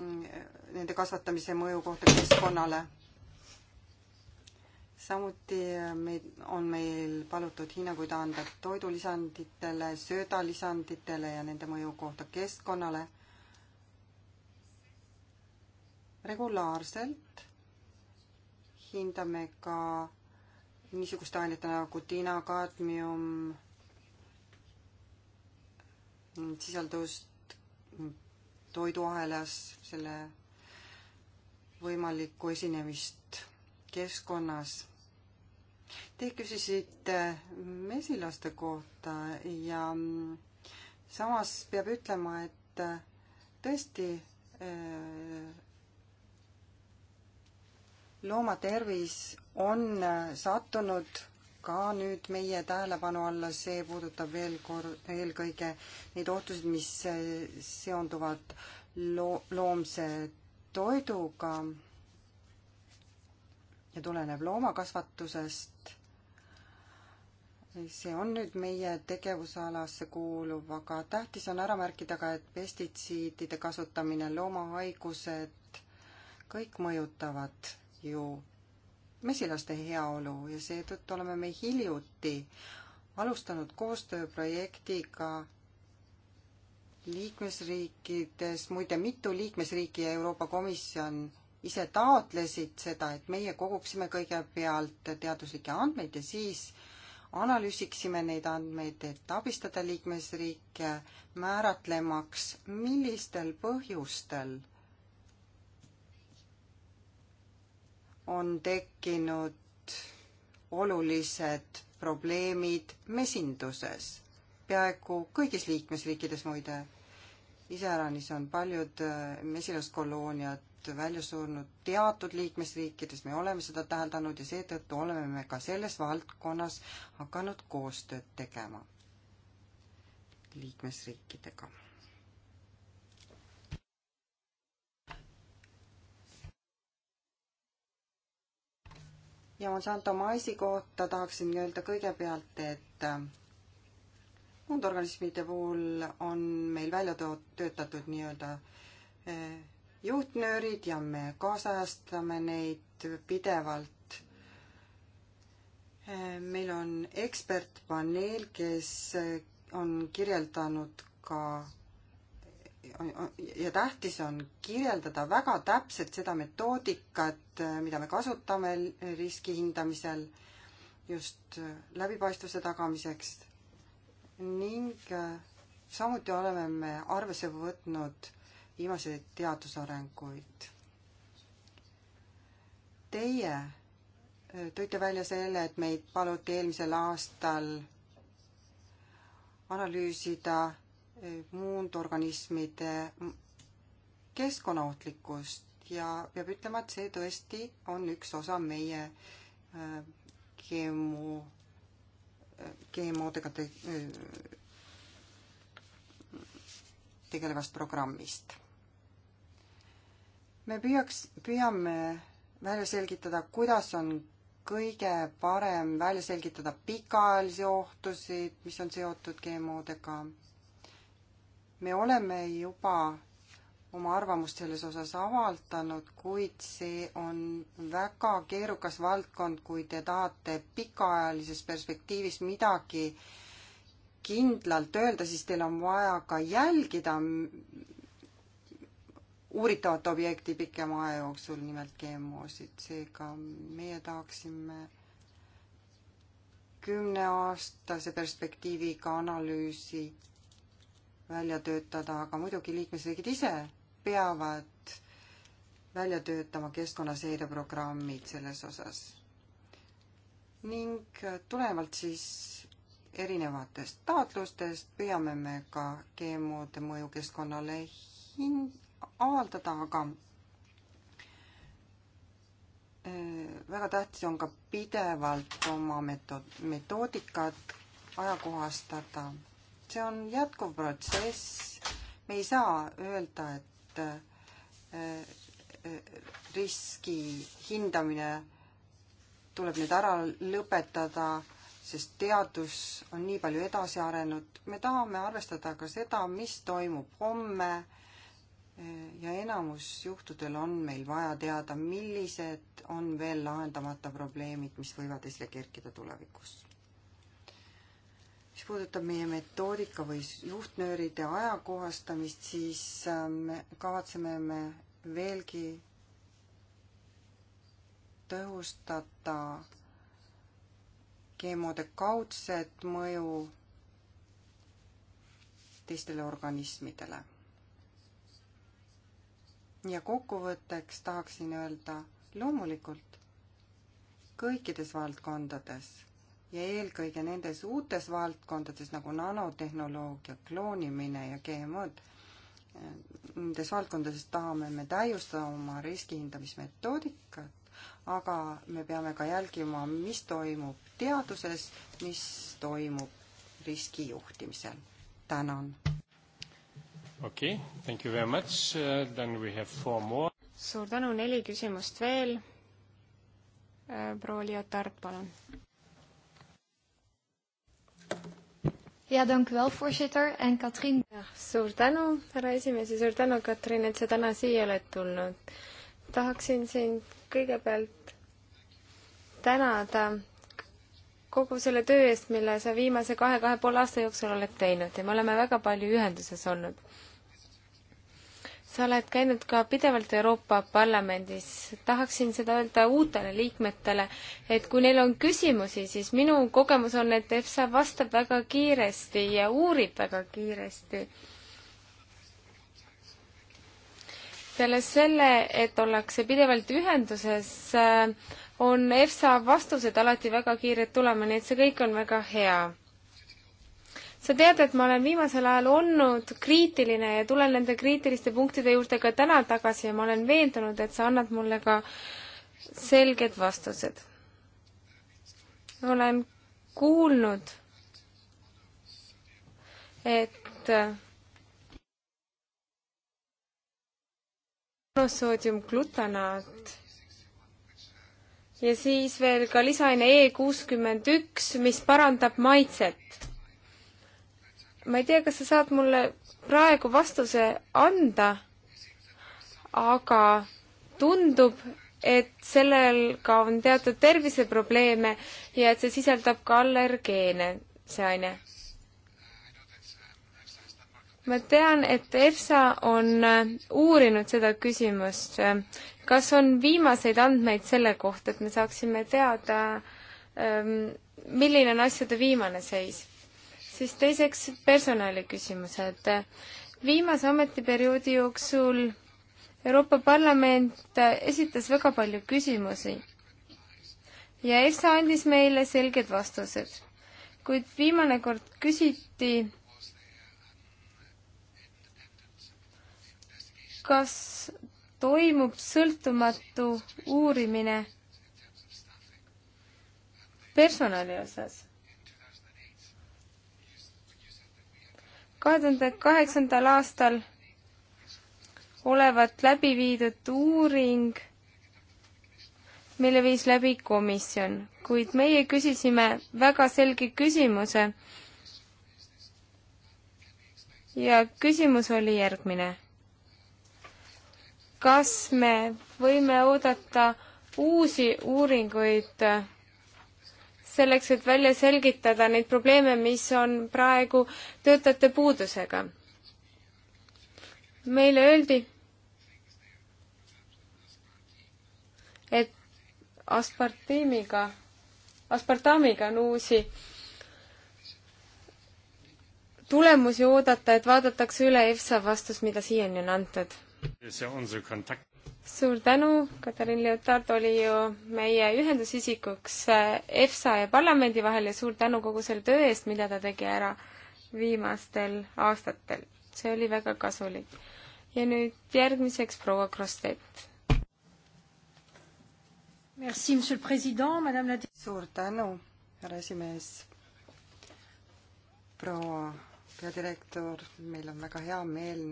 mm, eh, nende kasvatamise mõju kohta keskkonnale samuti äh, meid, on meil palutud hinnanguid anda toidulisanditele, söödalisanditele ja nende mõju kohta keskkonnale. regulaarselt hindame ka niisuguste ainete nagu tina, kaadmium, sisaldust toiduahelas, selle võimalikku esinemist keskkonnas Te küsisite äh, mesilaste kohta ja mm, samas peab ütlema, et äh, tõesti äh, loomatervis on sattunud ka nüüd meie tähelepanu alla, see puudutab veel kord, eelkõige neid ohtusid, mis seonduvad loo-, loomse toiduga ja tuleneb loomakasvatusest. see on nüüd meie tegevusalasse kuuluv, aga tähtis on ära märkida ka, et pestitsiidide kasutamine, loomahaigused, kõik mõjutavad ju mesilaste heaolu ja seetõttu oleme me hiljuti alustanud koostööprojektiga liikmesriikides, muide mitu liikmesriiki ja Euroopa Komisjon ise taotlesid seda, et meie koguksime kõigepealt teaduslikke andmeid ja siis analüüsiksime neid andmeid, et abistada liikmesriike määratlemaks, millistel põhjustel on tekkinud olulised probleemid mesinduses, peaaegu kõigis liikmesriikides muide. iseäranis on paljud äh, mesilaskolooniad välja surnud teatud liikmesriikides, me oleme seda täheldanud ja seetõttu oleme me ka selles valdkonnas hakanud koostööd tegema liikmesriikidega. ja Monsanto maisi kohta tahaksin öelda kõigepealt, et äh, muundorganismide puhul on meil välja töötatud nii-öelda äh, juhtnöörid ja me kaasajastame neid pidevalt. meil on ekspertpaneel, kes on kirjeldanud ka ja tähtis on kirjeldada väga täpselt seda metoodikat, mida me kasutame riski hindamisel just läbipaistvuse tagamiseks ning samuti oleme me arvesse võtnud viimaseid teadusarenguid. Teie äh, tõite välja selle, et meid paluti eelmisel aastal analüüsida äh, muundorganismide keskkonnaohtlikkust ja peab ütlema, et see tõesti on üks osa meie äh, GMO, GMO-dega te, tegelevast programmist me peaks, peame välja selgitada, kuidas on kõige parem välja selgitada pikaajalisi ohtusid, mis on seotud GMO-dega. me oleme juba oma arvamust selles osas avaldanud, kuid see on väga keerukas valdkond, kui te tahate pikaajalises perspektiivis midagi kindlalt öelda, siis teil on vaja ka jälgida, uuritavat objekti pikema aja jooksul, nimelt GMO-sid, seega meie tahaksime kümneaastase perspektiiviga analüüsi välja töötada, aga muidugi liikmesriigid ise peavad välja töötama keskkonnaseireprogrammid selles osas. ning tulenevalt siis erinevatest taotlustest püüame me ka GMO-de mõju keskkonnale hin-, avaldada, aga äh, väga tähtis on ka pidevalt oma metood, metoodikat ajakohastada. see on jätkuv protsess, me ei saa öelda, et äh, äh, riski hindamine tuleb nüüd ära lõpetada, sest teadus on nii palju edasi arenenud, me tahame arvestada ka seda, mis toimub homme ja enamus juhtudel on meil vaja teada, millised on veel lahendamata probleemid, mis võivad esile kerkida tulevikus. mis puudutab meie metoodika või juhtnööride ajakohastamist, siis ähm, me kavatseme me veelgi tõhustada GMO-de kaudset mõju teistele organismidele ja kokkuvõtteks tahaksin öelda, loomulikult kõikides valdkondades ja eelkõige nendes uutes valdkondades nagu nanotehnoloogia, kloonimine ja GMO-d, nendes valdkondades tahame me täiustada oma riskihindamismetoodikat, aga me peame ka jälgima, mis toimub teaduses, mis toimub riskijuhtimisel. tänan! okei okay,, thank you very much uh,, then we have four more. suur tänu, neli küsimust veel. Uh, proua Liotard, palun. ja dank u wel, voorzitter en Katrien. jah, suur tänu, härra esimees ja suur tänu, Katrin, et sa täna siia oled tulnud. tahaksin sind kõigepealt tänada kogu selle töö eest, mille sa viimase kahe, kahe poole aasta jooksul oled teinud ja me oleme väga palju ühenduses olnud sa oled käinud ka pidevalt Euroopa Parlamendis. tahaksin seda öelda uutele liikmetele, et kui neil on küsimusi, siis minu kogemus on, et EFSA vastab väga kiiresti ja uurib väga kiiresti. peale selle, et ollakse pidevalt ühenduses, äh, on EFSA vastused alati väga kiired tulema, nii et see kõik on väga hea sa tead, et ma olen viimasel ajal olnud kriitiline ja tulen nende kriitiliste punktide juurde ka täna tagasi ja ma olen veendunud, et sa annad mulle ka selged vastused. olen kuulnud, et monosoodiumglutanaat ja siis veel ka lisaaine E kuuskümmend üks, mis parandab maitset ma ei tea, kas sa saad mulle praegu vastuse anda, aga tundub, et sellel ka on teatud terviseprobleeme ja et see sisaldab ka allergeene, see aine. ma tean, et EFSA on äh, uurinud seda küsimust. kas on viimaseid andmeid selle kohta, et me saaksime teada, ähm, milline on asjade viimane seis? siis teiseks personaliküsimused. Eh, viimase ametiperioodi jooksul Euroopa Parlament eh, esitas väga palju küsimusi ja EFSA andis meile selged vastused. kuid viimane kord küsiti, kas toimub sõltumatu uurimine personali osas kahe tuhande kaheksandal aastal olevat läbi viidud uuring, mille viis läbi komisjon, kuid meie küsisime väga selge küsimuse. ja küsimus oli järgmine. kas me võime oodata uusi uuringuid selleks, et välja selgitada neid probleeme, mis on praegu töötajate puudusega. meile öeldi, et aspartiimiga, aspartamiga on uusi tulemusi oodata, et vaadatakse üle EFSA vastus, mida siiani on antud suur tänu, Katariin Leotard oli ju meie ühendusisikuks äh, EFSA ja parlamendi vahel ja suur tänu kogu selle töö eest, mida ta tegi ära viimastel aastatel. see oli väga kasulik. ja nüüd järgmiseks proua Krossett. Merci, monsieur le president, madame la suur tänu, härra esimees, proua peadirektor, meil on väga hea meel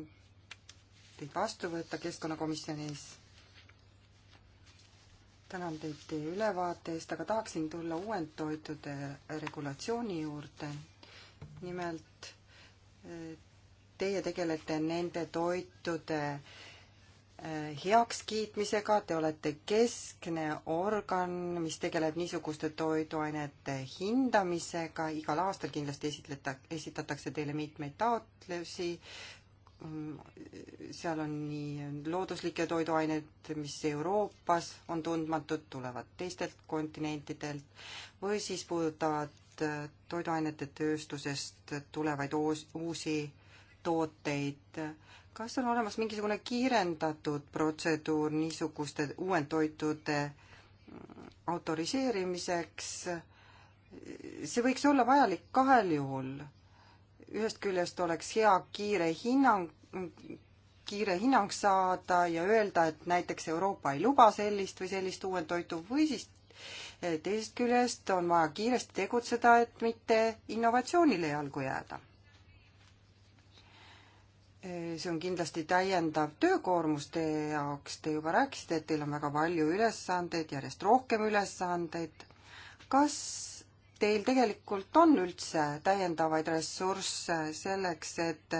teid vastu võtta Keskkonnakomisjonis tänan teid teie ülevaate eest, aga tahaksin tulla uuendtoitude regulatsiooni juurde. nimelt teie tegelete nende toitude eh, heakskiitmisega, te olete keskne organ, mis tegeleb niisuguste toiduainete hindamisega, igal aastal kindlasti esitleta, esitatakse teile mitmeid taotlusi, Mm, seal on nii looduslikke toiduaineid, mis Euroopas on tundmatud, tulevad teistelt kontinentidelt või siis puudutavad äh, toiduainete tööstusest tulevaid uus, uusi tooteid. kas on olemas mingisugune kiirendatud protseduur niisuguste uuendtoitude mm, autoriseerimiseks? see võiks olla vajalik kahel juhul ühest küljest oleks hea kiire hinnang, kiire hinnang saada ja öelda, et näiteks Euroopa ei luba sellist või sellist uuendtoitu või siis eh, teisest küljest on vaja kiiresti tegutseda, et mitte innovatsioonile jalgu jääda. Eh, see on kindlasti täiendav töökoormus teie jaoks, te juba rääkisite, et teil on väga palju ülesandeid, järjest rohkem ülesandeid. kas teil tegelikult on üldse täiendavaid ressursse selleks, et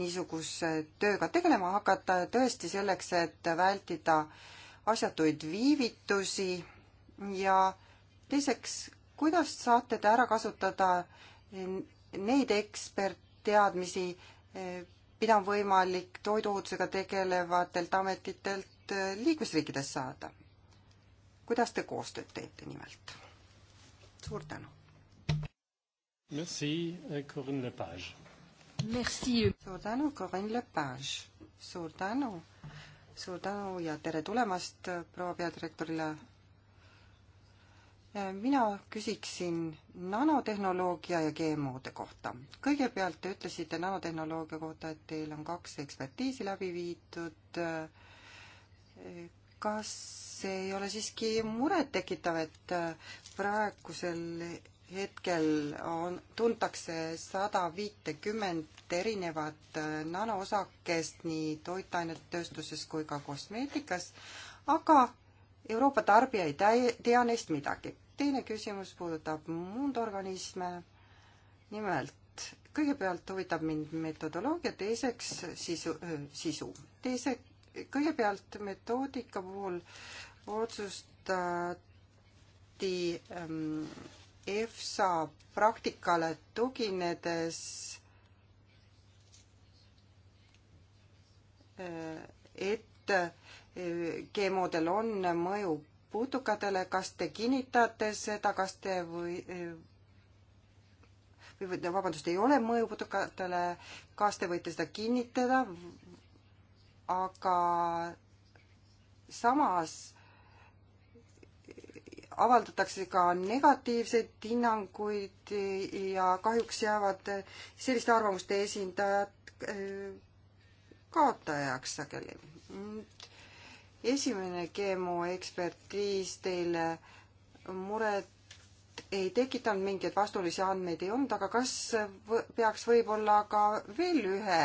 niisuguse tööga tegelema hakata ja tõesti selleks, et vältida asjatuid viivitusi ja teiseks, kuidas saate te ära kasutada neid ekspertteadmisi, mida on võimalik toiduohutusega tegelevatelt ametitelt liikmesriikides saada? kuidas te koostööd teete nimelt? suur tänu. Merci, euh, Corinne Lepage. Merci. suur tänu, Corinne Lepage. suur tänu. suur tänu ja tere tulemast proua peadirektorile. Äh, mina küsiksin nanotehnoloogia ja GMO-de kohta. kõigepealt te ütlesite nanotehnoloogia kohta, et teil on kaks ekspertiisi läbi viidud äh, kas see ei ole siiski murettekitav, et äh, praegusel hetkel on, tuntakse sada viitekümmet erinevat äh, nanoosakest nii toitainetööstuses kui ka kosmeetikas, aga Euroopa tarbija ei täi-, tea neist midagi. teine küsimus puudutab muundorganisme, nimelt kõigepealt huvitab mind metodoloogia, teiseks sisu, sisu. teiseks kõigepealt metoodika puhul otsustati ähm, EFSA praktikale tuginedes äh, et äh, GMO-del on mõju putukatele, kas te kinnitate seda, kas te või äh, või vabandust, ei ole mõju putukatele, kas te võite seda kinnitada aga samas avaldatakse ka negatiivseid hinnanguid ja kahjuks jäävad selliste arvamuste esindajad eh, kaotajaks sageli. esimene GMO ekspertiis teile muret ei tekitanud mingeid vastuolisi andmeid ei olnud, aga kas peaks võib-olla ka veel ühe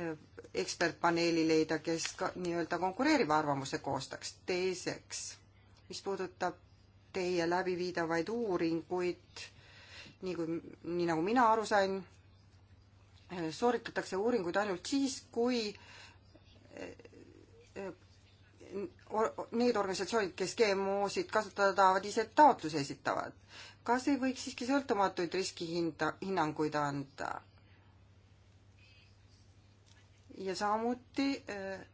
e, ekspertpaneeli leida, kes ka nii-öelda konkureeriva arvamuse koostaks? teiseks, mis puudutab teie läbiviidavaid uuringuid, nii kui, nii nagu mina aru sain, e, sooritatakse uuringuid ainult siis, kui e, need organisatsioonid, kes GMO-sid kasutada tahavad, ise taotluse esitavad kas ei võiks siiski sõltumatuid riskihinda, hinnanguid anda? ja samuti äh,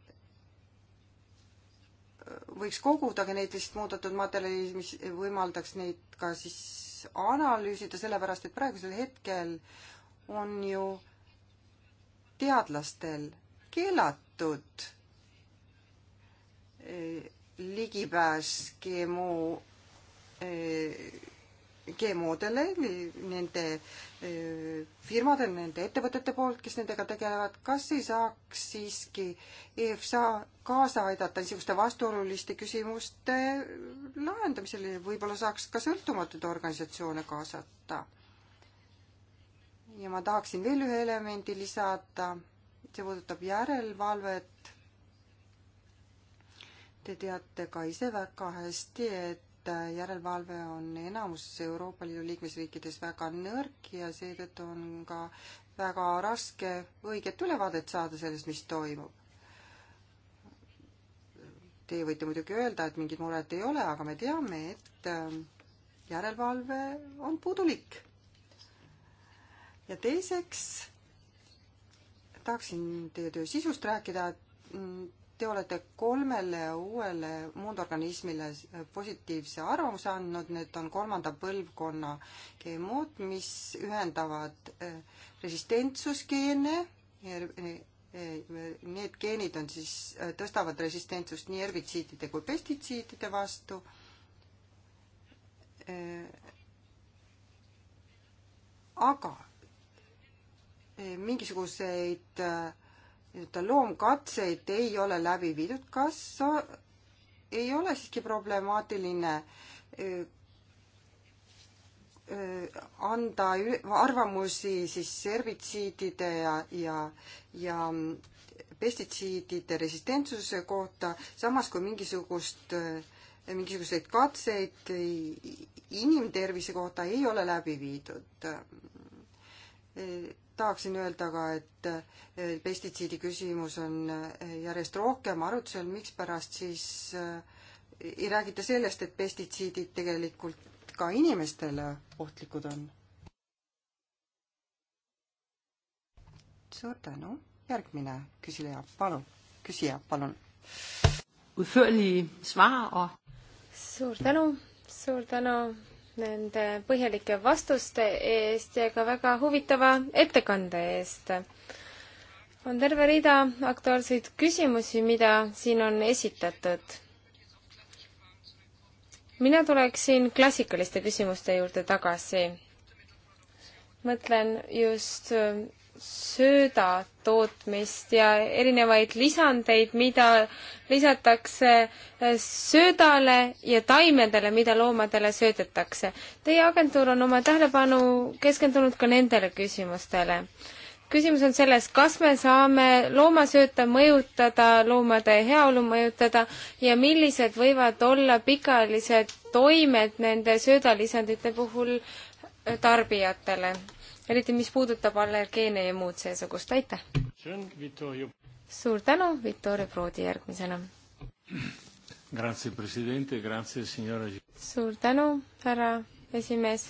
võiks koguda geneetiliselt muudetud materjali, mis võimaldaks neid ka siis analüüsida, sellepärast et praegusel hetkel on ju teadlastel keelatud äh, ligipääs GMO äh, GMO-dele, nende firmade, nende ettevõtete poolt, kes nendega tegelevad, kas ei saaks siiski EFSA kaasa aidata niisuguste vastuoluliste küsimuste lahendamisele ja võib-olla saaks ka sõltumatuid organisatsioone kaasata? ja ma tahaksin veel ühe elemendi lisada, see puudutab järelevalvet. Te teate ka ise väga hästi, et et äh, järelevalve on enamus Euroopa Liidu liikmesriikides väga nõrk ja seetõttu on ka väga raske õiget ülevaadet saada sellest, mis toimub. Teie võite muidugi öelda, et mingit muret ei ole, aga me teame, et äh, järelevalve on puudulik. ja teiseks tahaksin teie töö sisust rääkida, et mm, te olete kolmele uuele muundorganismile positiivse arvamuse andnud, need on kolmanda põlvkonna GMO-d, mis ühendavad eh, resistentsusgeene, eh, need geenid on siis, eh, tõstavad resistentsust nii herbitsiidide kui pestitsiidide vastu aga mingisuguseid äh, nii-öelda loomkatseid ei ole läbi viidud, kas ei ole siiski problemaatiline äh, äh, anda arvamusi siis servitsiidide ja, ja, ja mm, pestitsiidide resistentsuse kohta, samas kui mingisugust, äh, mingisuguseid katseid inimtervise kohta ei ole läbi viidud tahaksin öelda ka, et pestitsiidi küsimus on järjest rohkem arutusel, mikspärast siis äh, ei räägita sellest, et pestitsiidid tegelikult ka inimestele ohtlikud on? suur tänu, järgmine küsija, palun, küsija, palun. suur tänu, suur tänu nende põhjalike vastuste eest ja ka väga huvitava ettekande eest. on terve rida aktuaalseid küsimusi, mida siin on esitatud. mina tuleksin klassikaliste küsimuste juurde tagasi. mõtlen just sööda tootmist ja erinevaid lisandeid, mida lisatakse eh, söödale ja taimedele, mida loomadele söödetakse. Teie agentuur on oma tähelepanu keskendunud ka nendele küsimustele. küsimus on selles, kas me saame loomasööta mõjutada, loomade heaolu mõjutada ja millised võivad olla pikaajalised toimed nende söödalisandite puhul tarbijatele eriti mis puudutab allergeene ja muud seesugust, aitäh! suur tänu, Vittorio Prodi järgmisena! suur tänu, härra esimees!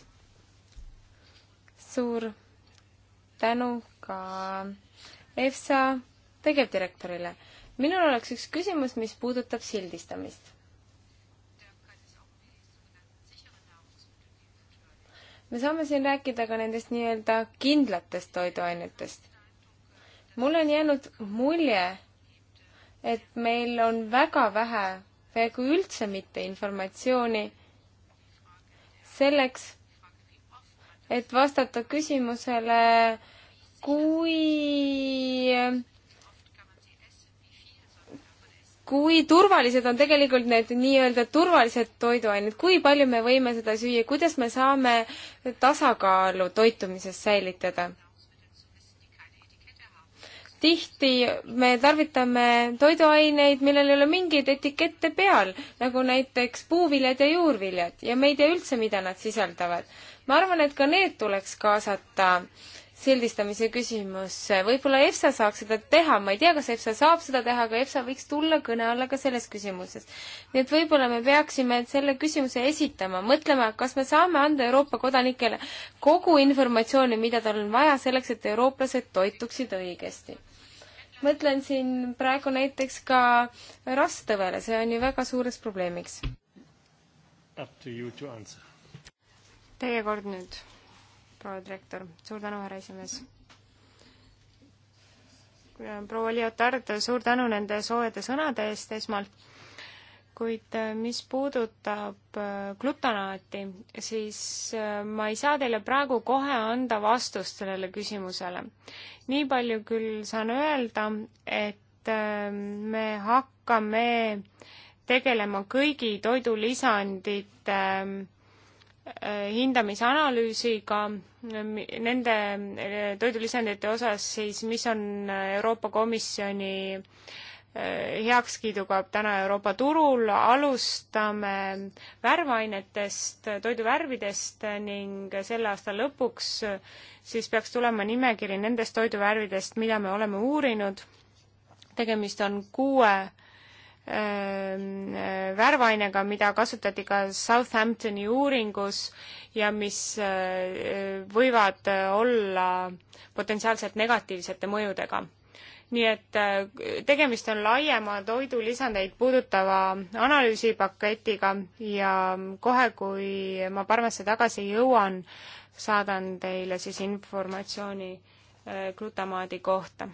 suur tänu ka EFSA tegevdirektorile. minul oleks üks küsimus, mis puudutab sildistamist me saame siin rääkida ka nendest nii-öelda kindlatest toiduainetest. mul on jäänud mulje, et meil on väga vähe, peaaegu üldse mitte informatsiooni selleks, et vastata küsimusele, kui kui turvalised on tegelikult need nii-öelda turvalised toiduained, kui palju me võime seda süüa, kuidas me saame tasakaalu toitumises säilitada? tihti me tarvitame toiduaineid, millel ei ole mingeid etikette peal, nagu näiteks puuviljad ja juurviljad ja me ei tea üldse, mida nad sisaldavad. ma arvan, et ka need tuleks kaasata äh, sildistamise küsimus. võib-olla EFSA saaks seda teha, ma ei tea, kas EFSA saab seda teha, aga EFSA võiks tulla kõne alla ka selles küsimuses. nii et võib-olla me peaksime selle küsimuse esitama, mõtlema, kas me saame anda Euroopa kodanikele kogu informatsiooni, mida tal on vaja selleks, et eurooplased toituksid õigesti mõtlen siin praegu näiteks ka rasttõvele, see on ju väga suureks probleemiks. Teie kord nüüd proua direktor. suur tänu, härra esimees. proua Liotard, suur tänu nende soojade sõnade eest esmalt kuid äh, mis puudutab äh, glutanaati, siis äh, ma ei saa teile praegu kohe anda vastust sellele küsimusele. nii palju küll saan öelda, et me hakkame tegelema kõigi toidulisandite äh, hindamisanalüüsiga nende eh, toidulisandite osas siis, mis on Euroopa Komisjoni eh, heakskiiduga täna Euroopa turul, alustame värvainetest, toiduvärvidest ning selle aasta lõpuks eh, siis peaks tulema nimekiri nendest toiduvärvidest, mida me oleme uurinud. tegemist on kuue Ähm, äh, värvainega, mida kasutati ka Southamptoni uuringus ja mis äh, äh, võivad olla potentsiaalselt negatiivsete mõjudega. nii et tegemist on laiema toidulisandeid puudutava analüüsipaketiga ja kohe, kui ma Parmasse tagasi jõuan, saadan teile siis informatsiooni glutamaadi kohta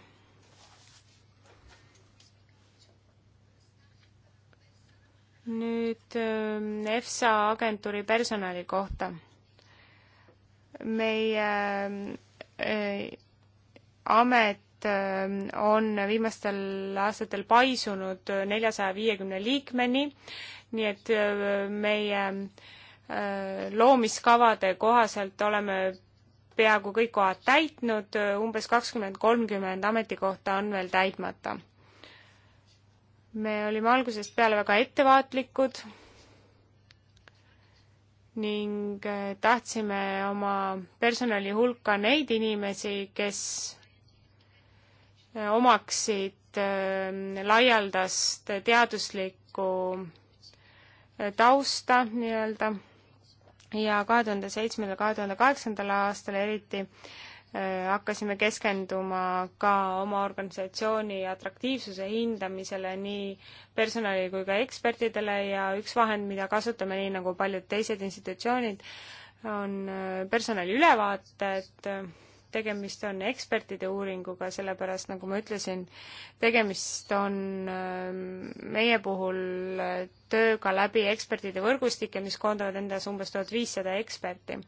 nüüd ähm, EFSA agentuuri personali kohta. meie ähm, äh, amet ähm, on viimastel aastatel paisunud neljasaja viiekümne liikmeni, nii et äh, meie äh, loomiskavade kohaselt oleme peaaegu kõik kohad täitnud, umbes kakskümmend, kolmkümmend ametikohta on veel täitmata me olime algusest peale väga ettevaatlikud ning äh, tahtsime oma personali hulka neid inimesi, kes äh, omaksid äh, laialdast teaduslikku tausta nii-öelda ja kahe tuhande seitsmendal, kahe tuhande kaheksandal aastal eriti Äh, hakkasime keskenduma ka oma organisatsiooni atraktiivsuse hindamisele nii personali kui ka ekspertidele ja üks vahend, mida kasutame nii nagu paljud teised institutsioonid, on äh, personali ülevaated, tegemist on ekspertide uuringuga, sellepärast nagu ma ütlesin, tegemist on äh, meie puhul tööga läbi ekspertide võrgustike, mis koondavad endas umbes tuhat viissada eksperti.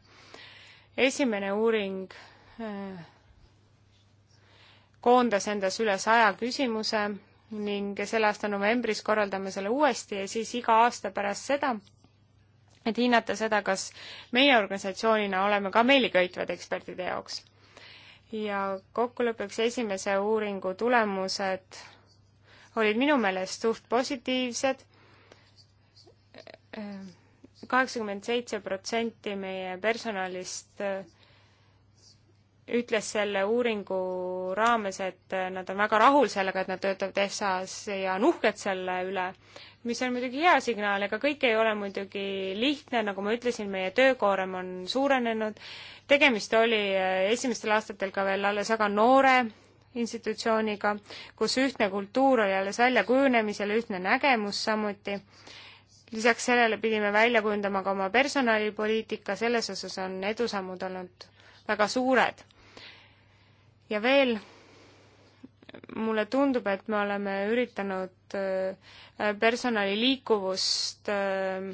esimene uuring koondas endas üle saja küsimuse ning selle aasta novembris korraldame selle uuesti ja siis iga aasta pärast seda, et hinnata seda, kas meie organisatsioonina oleme ka meeliköitvad ekspertide jaoks. ja kokkulõpuks esimese uuringu tulemused olid minu meelest suht positiivsed. kaheksakümmend seitse protsenti meie personalist äh, ütles selle uuringu raames, et nad on väga rahul sellega, et nad töötavad EFSA-s ja on uhked selle üle, mis on muidugi hea signaal, ega kõik ei ole muidugi lihtne, nagu ma ütlesin, meie töökoorem on suurenenud, tegemist oli eh, esimestel aastatel ka veel alles väga noore institutsiooniga, kus ühtne kultuur oli alles väljakujunemisel, ühtne nägemus samuti lisaks sellele pidime välja kujundama ka oma personalipoliitika, selles osas on edusammud olnud väga suured ja veel mulle tundub, et me oleme üritanud äh, personali liikuvust äh,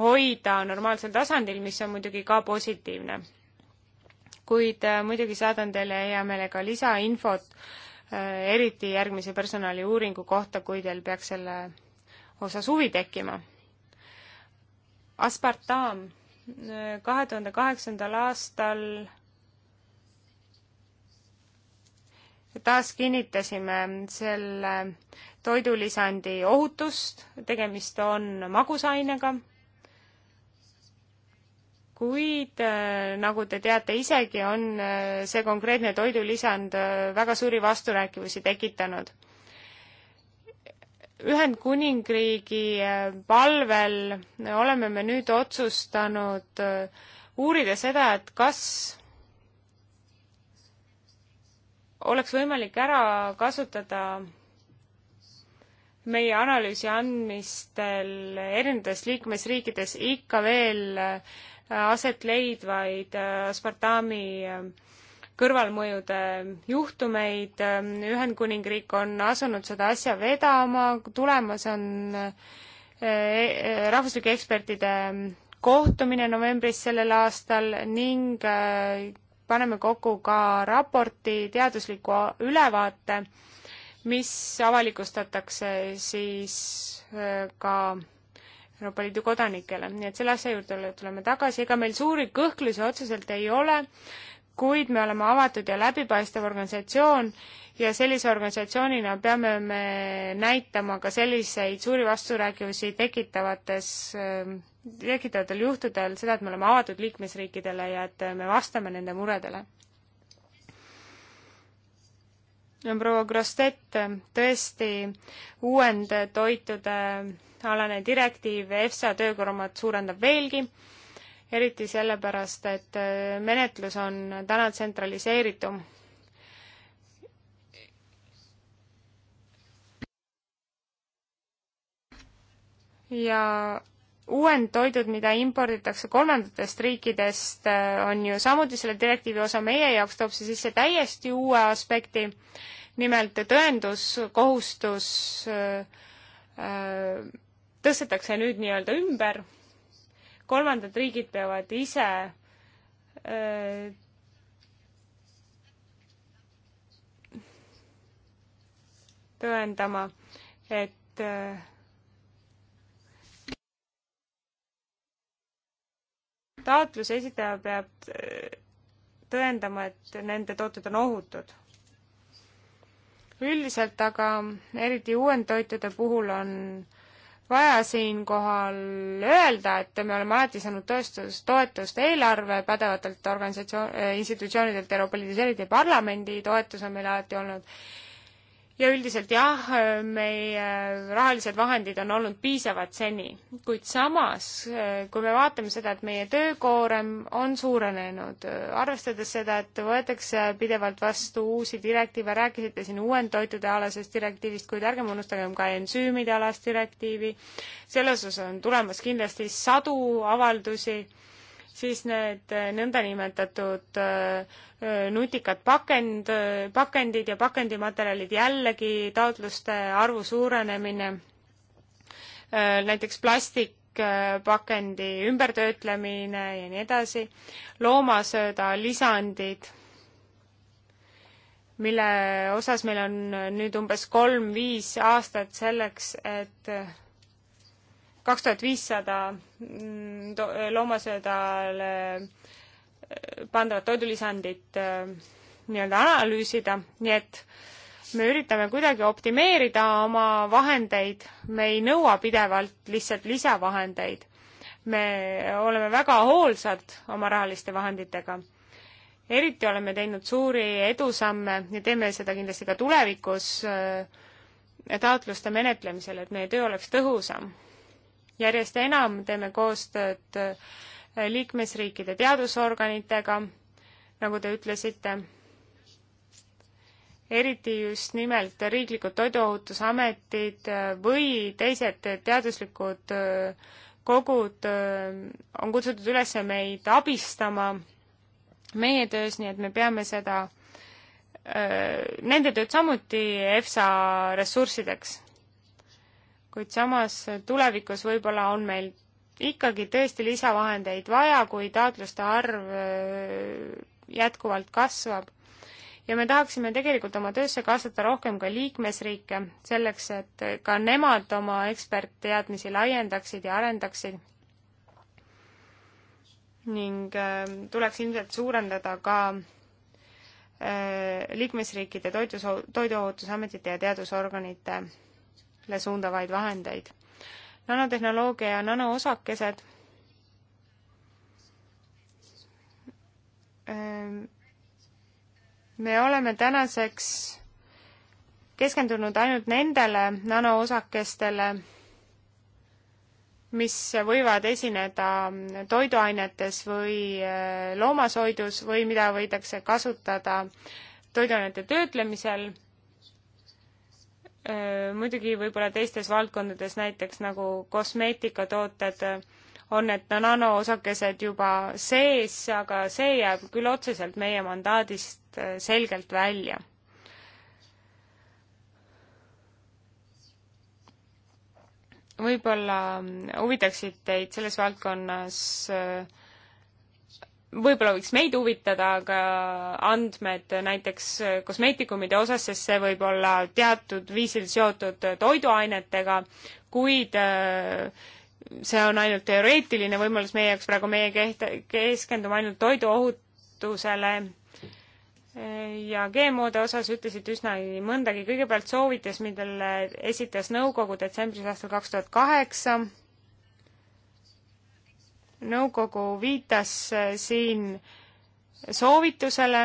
hoida normaalsel tasandil, mis on muidugi ka positiivne. kuid äh, muidugi saadan teile hea meelega lisainfot, eriti järgmise personaliuuringu kohta, kui teil peaks selle osas huvi tekkima. aspartam kahe tuhande kaheksandal aastal taas kinnitasime selle toidulisandi ohutust, tegemist on magusainega, kuid äh, nagu te teate isegi, on äh, see konkreetne toidulisand äh, väga suuri vasturääkivusi tekitanud. Ühendkuningriigi palvel oleme me nüüd otsustanud uurida seda, et kas oleks võimalik ära kasutada meie analüüsi andmistel erinevates liikmesriikides ikka veel äh, aset leidvaid aspartami äh, äh, kõrvalmõjude juhtumeid, Ühendkuningriik on asunud seda asja vedama, tulemas on e, e, rahvuslike ekspertide kohtumine novembris sellel aastal ning paneme kokku ka raporti, teadusliku ülevaate, mis avalikustatakse siis äh, ka Euroopa Liidu kodanikele, nii et selle asja juurde tuleme tagasi, ega meil suuri kõhklusi otseselt ei ole, kuid me oleme avatud ja läbipaistev organisatsioon ja sellise organisatsioonina peame me näitama ka selliseid suuri vasturääkivusi tekitavates äh, tekitavatel juhtudel seda, et me oleme avatud liikmesriikidele ja et me vastame nende muredele. proua Grostet, tõesti, uuendtoitude alane direktiiv EFSA töökoormat suurendab veelgi, eriti sellepärast, et menetlus on täna tsentraliseeritum ja uuendtoidud, mida imporditakse kolmandatest riikidest, äh, on ju samuti selle direktiivi osa, meie jaoks toob see sisse täiesti uue aspekti, nimelt tõenduskohustus äh, äh, tõstetakse nüüd nii-öelda ümber, kolmandad riigid peavad ise öö, tõendama, et öö, taotluse esitaja peab äh, tõendama, et nende tooted on ohutud. üldiselt aga, eriti uuendtoitude puhul on vaja siinkohal öelda, et me oleme alati saanud tõestus, toetust eelarve pädevatelt organisatsioon, institutsioonidelt, Euroopa Liidu Senati ja parlamendi toetus on meil alati olnud ja üldiselt jah, meie rahalised vahendid on olnud piisavad seni, kuid samas, kui me vaatame seda, et meie töökoorem on suurenenud, arvestades seda, et võetakse pidevalt vastu uusi direktiive, rääkisite siin uuendtoitude alasest direktiivist, kuid ärgem unustagem ka ensüümide alast direktiivi, selles osas on tulemas kindlasti sadu avaldusi siis need eh, nõndanimetatud eh, eh, nutikad pakend, pakendid ja pakendimaterjalid, jällegi taotluste arvu suurenemine, näiteks plastik, pakendi ümbertöötlemine ja nii edasi, loomasööda lisandid, mille osas meil on nüüd umbes kolm-viis aastat selleks, et kaks tuhat viissada mm, loomasöödale eh, pandavat toidulisandit eh, nii-öelda analüüsida, nii et me üritame kuidagi optimeerida oma vahendeid, me ei nõua pidevalt lihtsalt lisavahendeid. me oleme väga hoolsad oma rahaliste vahenditega. eriti oleme teinud suuri edusamme ja teeme seda kindlasti ka tulevikus eh, taotluste menetlemisel, et meie töö oleks tõhusam järjest enam teeme koostööd äh, liikmesriikide teadusorganitega, nagu te ütlesite, eriti just nimelt riiklikud toiduohutusametid äh, või teised teaduslikud äh, kogud on kutsutud üles meid abistama meie töös, nii et me peame seda, nende tööd samuti EFSA ressurssideks kuid samas tulevikus võib-olla on meil ikkagi tõesti lisavahendeid vaja, kui taotluste arv äh, jätkuvalt kasvab. ja me tahaksime tegelikult oma töösse kaasata rohkem ka liikmesriike, selleks et ka nemad oma ekspertteadmisi laiendaksid ja arendaksid. ning äh, tuleks ilmselt suurendada ka äh, liikmesriikide toidus, toiduohutusametite ja teadusorganite le suundavaid vahendeid. nanotehnoloogia ja nanoosakesed ähm, me oleme tänaseks keskendunud ainult nendele nanoosakestele, mis võivad esineda toiduainetes või äh, loomasoidus või mida võidakse kasutada toiduainete töötlemisel Äh, muidugi võib-olla teistes valdkondades, näiteks nagu kosmeetikatooted, äh, on need nanoosakesed juba sees, aga see jääb küll otseselt meie mandaadist äh, selgelt välja. võib-olla mm, huvitaksid teid selles valdkonnas äh, võib-olla võiks meid huvitada ka andmed näiteks kosmeetikumide osas, sest see võib olla teatud viisil seotud toiduainetega, kuid äh, see on ainult teoreetiline võimalus meie jaoks, praegu meie keht-, keskendume ainult toiduohutusele ja GMO-de osas ütlesid üsna mõndagi, kõigepealt soovitus, mille esitas nõukogu detsembris aastal kaks tuhat kaheksa, nõukogu viitas äh, siin soovitusele,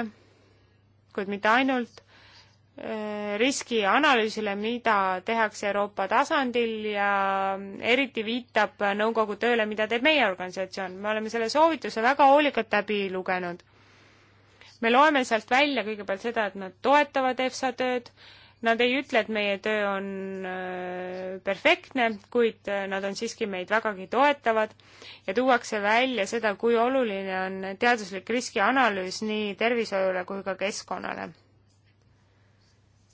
kuid mitte ainult, äh, riskianalüüsile, mida tehakse Euroopa tasandil ja eriti viitab nõukogu tööle, mida teeb meie organisatsioon. me oleme selle soovituse väga hoolikalt läbi lugenud. me loeme sealt välja kõigepealt seda, et nad toetavad EFSA tööd, Nad ei ütle, et meie töö on perfektne, kuid nad on siiski meid vägagi toetavad ja tuuakse välja seda, kui oluline on teaduslik riskianalüüs nii tervishoiule kui ka keskkonnale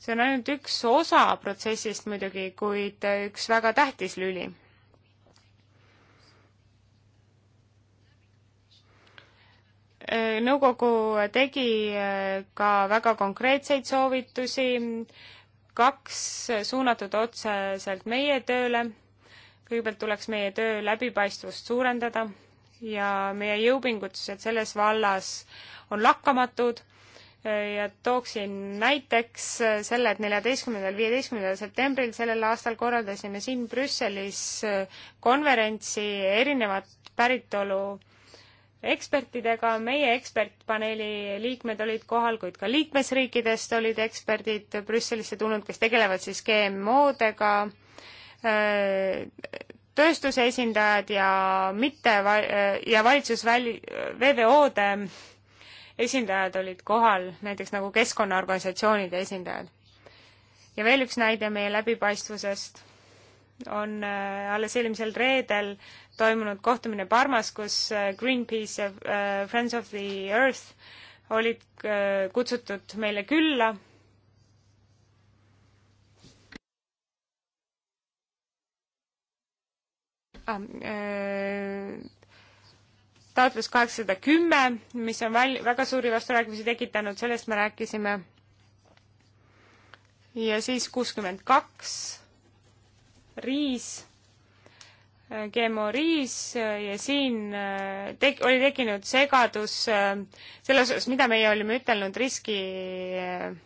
see on ainult üks osa protsessist muidugi, kuid üks väga tähtis lüli. nõukogu tegi ka väga konkreetseid soovitusi kaks suunatud otseselt meie tööle. kõigepealt tuleks meie töö läbipaistvust suurendada ja meie jõupingutused selles vallas on lakkamatud ja tooksin näiteks selle, et neljateistkümnendal, viieteistkümnendal septembril sellel aastal korraldasime siin Brüsselis konverentsi erinevat päritolu ekspertidega, meie ekspertpaneeli liikmed olid kohal, kuid ka liikmesriikidest olid eksperdid Brüsselisse tulnud, kes tegelevad siis GMO-dega, tööstuse esindajad ja mitte ja valitsusväli-, VVO-de esindajad olid kohal, näiteks nagu keskkonnaorganisatsioonide esindajad. ja veel üks näide meie läbipaistvusest on alles eelmisel reedel toimunud kohtumine Parmas, kus äh, Greenpeace ja äh, Friends of the Earth olid äh, kutsutud meile külla. Ah, taotlus kaheksasada kümme, mis on väl-, väga suuri vasturääkimisi tekitanud, sellest me rääkisime. ja siis kuuskümmend kaks, riis GMO riis äh, ja siin äh, tek-, oli tekkinud segadus äh, selles osas, mida meie olime ütelnud riski,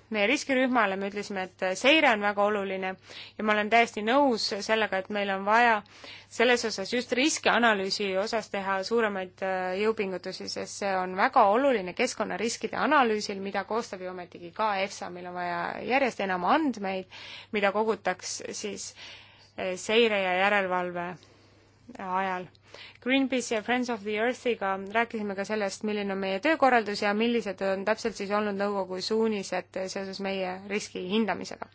meie riskirühmale, me ütlesime, et seire on väga oluline ja ma olen täiesti nõus sellega, et meil on vaja selles osas just riskianalüüsi osas teha suuremaid jõupingutusi, sest see on väga oluline keskkonnariskide analüüsil, mida koostab ju ometigi ka EFSA, meil on vaja järjest enam andmeid, mida kogutaks siis seire ja järelevalve ajal. Greenpeace ja Friends of the Earthiga rääkisime ka sellest, milline on meie töökorraldus ja millised on täpselt siis olnud nõukogu suunised seoses meie riski hindamisega.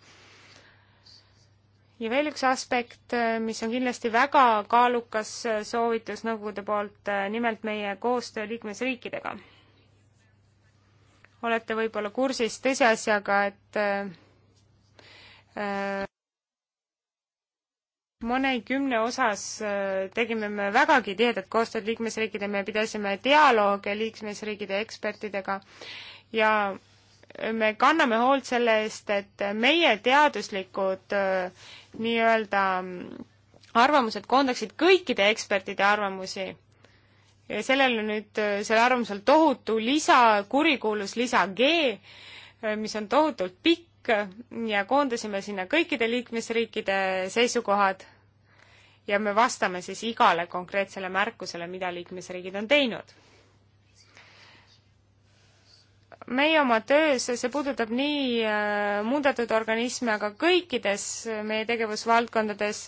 ja veel üks aspekt, mis on kindlasti väga kaalukas soovitus nõukogude poolt, nimelt meie koostöö liikmesriikidega. olete võib-olla kursis tõsiasjaga, et äh, mõnekümne osas äh, tegime me vägagi tihedat koostööd liikmesriikidega, me pidasime dialoog liikmesriikide ekspertidega ja me kanname hoolt selle eest, et meie teaduslikud äh, nii-öelda mm, arvamused koondaksid kõikide ekspertide arvamusi. ja sellel on nüüd, äh, sellel arvamusel tohutu lisa, kurikuulus lisa G, mis on tohutult pikk ja koondasime sinna kõikide liikmesriikide seisukohad ja me vastame siis igale konkreetsele märkusele, mida liikmesriigid on teinud. meie oma töös, see puudutab nii äh, muudetud organisme, aga kõikides meie tegevusvaldkondades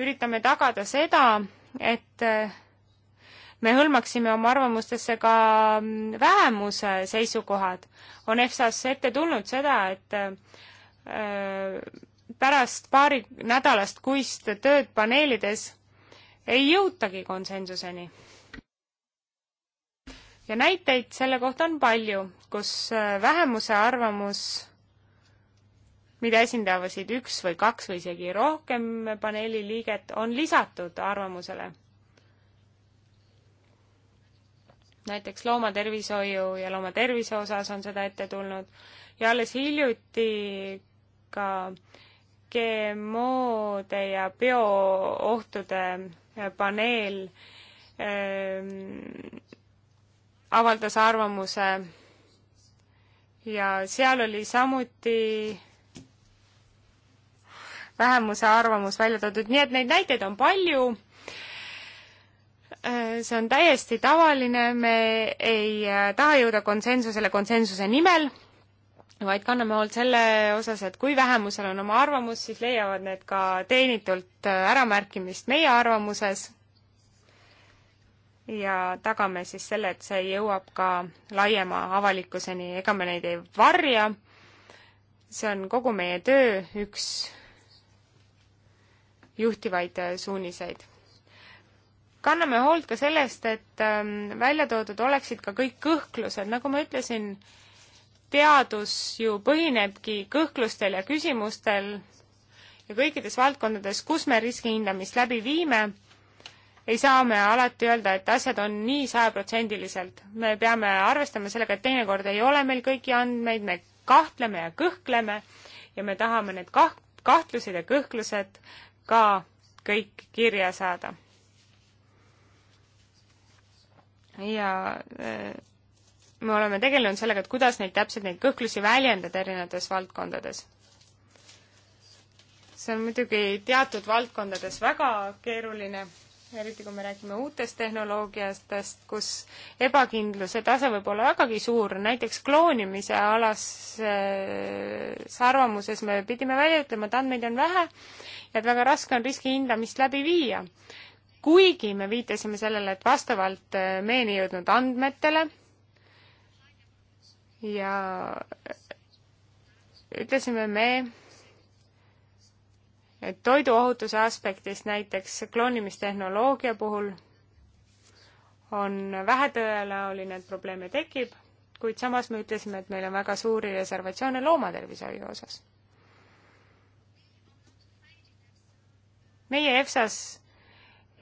üritame tagada seda, et äh, me hõlmaksime oma arvamustesse ka mm, vähemuse seisukohad. on EFSA-s ette tulnud seda, et äh, pärast paari nädalast kuist tööd paneelides ei jõutagi konsensuseni. ja näiteid selle kohta on palju, kus äh, vähemuse arvamus, mida esindavasid üks või kaks või isegi rohkem paneeli liiget, on lisatud arvamusele. näiteks loomatervishoiu ja loomatervise osas on seda ette tulnud ja alles hiljuti ka äh, GMO-de ja bioohtude paneel ähm, avaldas arvamuse ja seal oli samuti vähemuse arvamus välja toodud, nii et neid näiteid on palju äh, see on täiesti tavaline, me ei äh, taha jõuda konsensusele konsensuse nimel vaid kanname hoolt selle osas, et kui vähemusel on oma arvamus, siis leiavad need ka teenitult äh, äramärkimist meie arvamuses ja tagame siis selle, et see jõuab ka laiema avalikkuseni, ega me neid ei varja, see on kogu meie töö üks juhtivaid äh, suuniseid kanname hoolt ka sellest, et ähm, välja toodud oleksid ka kõik kõhklused, nagu ma ütlesin äh,, teadus ju põhinebki kõhklustel ja küsimustel ja kõikides valdkondades, kus me riskihindamist läbi viime, ei saa me alati öelda, et asjad on nii sajaprotsendiliselt. me peame arvestama sellega, et teinekord ei ole meil kõiki andmeid, me kahtleme ja kõhkleme ja me tahame need kah-, kahtlused ja kõhklused ka kõik kirja saada. ja äh, me oleme tegelenud sellega, et kuidas neid täpselt, neid kõhklusi väljendada erinevates valdkondades. see on muidugi teatud valdkondades väga keeruline, eriti kui me räägime uutest tehnoloogiatest, kus ebakindluse tase võib olla vägagi suur, näiteks kloonimise alases äh, arvamuses me pidime välja ütlema, et andmeid on vähe ja et väga raske on riski hindamist läbi viia kuigi me viitasime sellele, et vastavalt äh, meieni jõudnud andmetele ja ütlesime me, et toiduohutuse aspektist näiteks kloonimistehnoloogia puhul on vähetõenäoline, et probleeme tekib, kuid samas me ütlesime, et meil on väga suuri reservatsioone loomatervishoiu osas. meie EFSA-s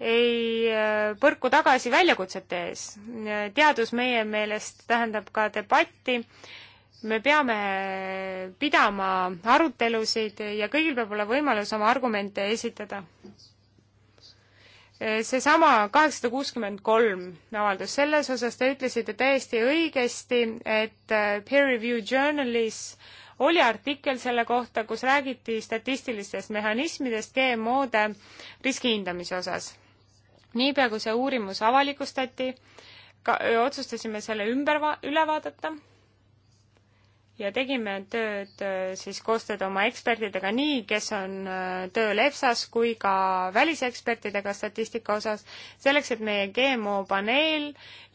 ei äh, põrku tagasi väljakutsete ees. teadus meie meelest tähendab ka debatti, me peame pidama arutelusid ja kõigil peab olla võimalus oma argumente esitada. Äh, seesama kaheksasada kuuskümmend kolm avaldus, selles osas te ütlesite täiesti õigesti, et äh, peer review journalis oli artikkel selle kohta, kus räägiti statistilistest mehhanismidest GMO-de riski hindamise osas niipea, kui see uurimus avalikustati, ka otsustasime selle ümber va-, üle vaadata ja tegime tööd siis koostööd oma ekspertidega nii, kes on tööl EFSA-s kui ka välisekspertidega statistika osas, selleks, et meie GMO paneel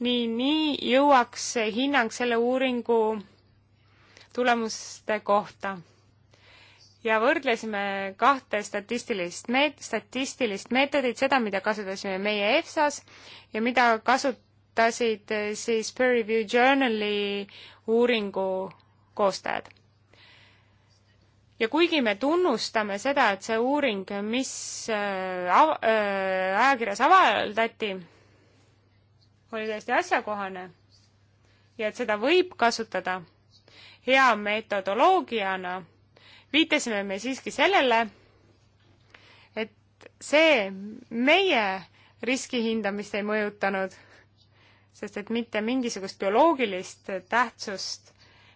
nii, nii jõuaks hinnang selle uuringu tulemuste kohta ja võrdlesime kahte statistilist meet-, statistilist meetodit, seda, mida kasutasime meie EFSA-s ja mida kasutasid eh, siis peer review journal'i uuringu koostajad. ja kuigi me tunnustame seda, et see uuring, mis eh, av-, eh, ajakirjas avaldati, oli täiesti asjakohane ja et seda võib kasutada hea metodoloogiana viitasime me siiski sellele, et see meie riski hindamist ei mõjutanud, sest et mitte mingisugust bioloogilist tähtsust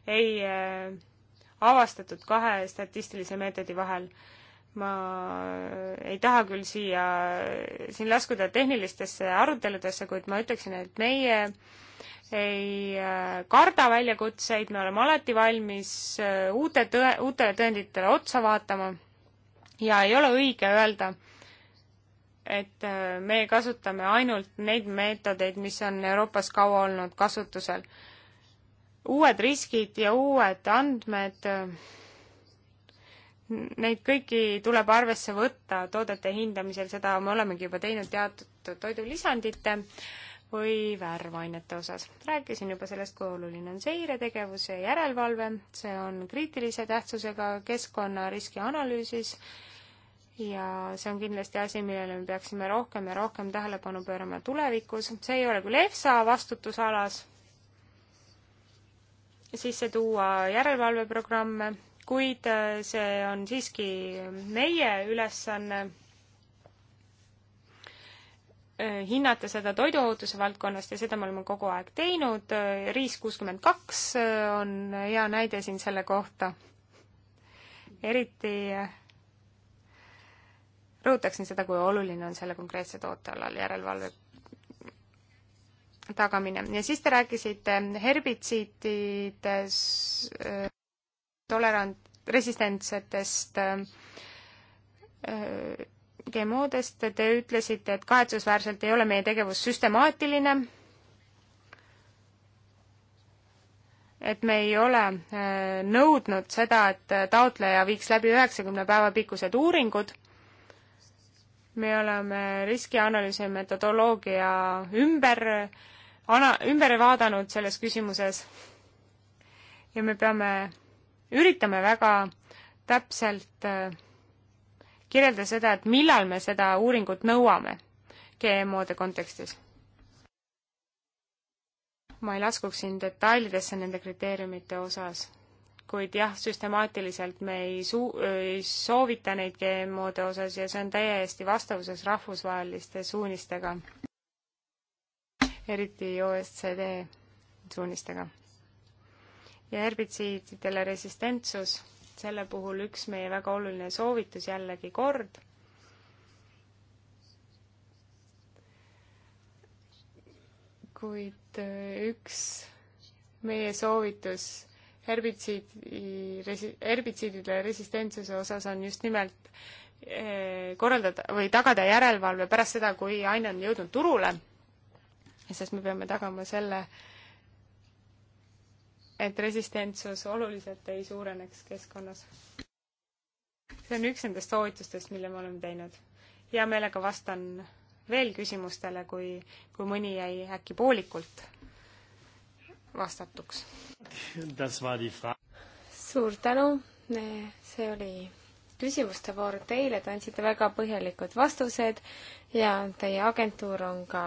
ei äh, avastatud kahe statistilise meetodi vahel. ma ei taha küll siia, siin laskuda tehnilistesse aruteludesse, kuid ma ütleksin, et meie äh, ei äh, karda väljakutseid, me oleme alati valmis äh, uute tõe, uutele tõenditele otsa vaatama ja ei ole õige öelda, et äh, me kasutame ainult neid meetodeid, mis on Euroopas kaua olnud kasutusel. uued riskid ja uued andmed, neid kõiki tuleb arvesse võtta toodete hindamisel, seda me olemegi juba teinud teatud toidulisandite äh, või värvainete osas. rääkisin juba sellest, kui oluline on seiretegevus ja järelevalve, see on kriitilise tähtsusega keskkonnariski analüüsis ja see on kindlasti asi, millele me peaksime rohkem ja rohkem tähelepanu pöörama tulevikus, see ei ole küll EFSA vastutusalas, sisse tuua järelevalveprogramme, kuid äh, see on siiski meie ülesanne Eh, hinnata seda toiduohutuse valdkonnast ja seda me oleme kogu aeg teinud, eh, Riis kuuskümmend kaks eh, on hea näide siin selle kohta. eriti rõhutaksin seda, kui oluline on selle konkreetse toote alal järelevalve tagamine ja siis te rääkisite herbitsiitides tolerant-, resistentsetest äh, GMO-dest, te ütlesite, et kahetsusväärselt ei ole meie tegevus süstemaatiline, et me ei ole äh, nõudnud seda, et taotleja viiks läbi üheksakümne päeva pikkused uuringud, me oleme riskianalüüsi metodoloogia ümber, ana-, ümber vaadanud selles küsimuses ja me peame, üritame väga täpselt äh, kirjelda seda, et millal me seda uuringut nõuame GMO-de kontekstis? ma ei laskuks siin detailidesse nende kriteeriumite osas, kuid jah, süstemaatiliselt me ei suu-, ei soovita neid GMO-de osas ja see on täiesti vastavuses rahvusvaheliste suunistega, eriti OSCD suunistega. ja herbitsiididele resistentsus selle puhul üks meie väga oluline soovitus jällegi kord. kuid äh, üks meie soovitus herbitsiidi, herbitsiidide resistentsuse osas on just nimelt äh, korraldada või tagada järelevalve pärast seda, kui aine on jõudnud turule, sest me peame tagama selle, et resistentsus oluliselt ei suureneks keskkonnas. see on üks nendest soovitustest, mille me oleme teinud. hea meelega vastan veel küsimustele, kui, kui mõni jäi äkki poolikult vastatuks. suur tänu, see oli küsimuste voor teile, te andsite väga põhjalikud vastused ja teie agentuur on ka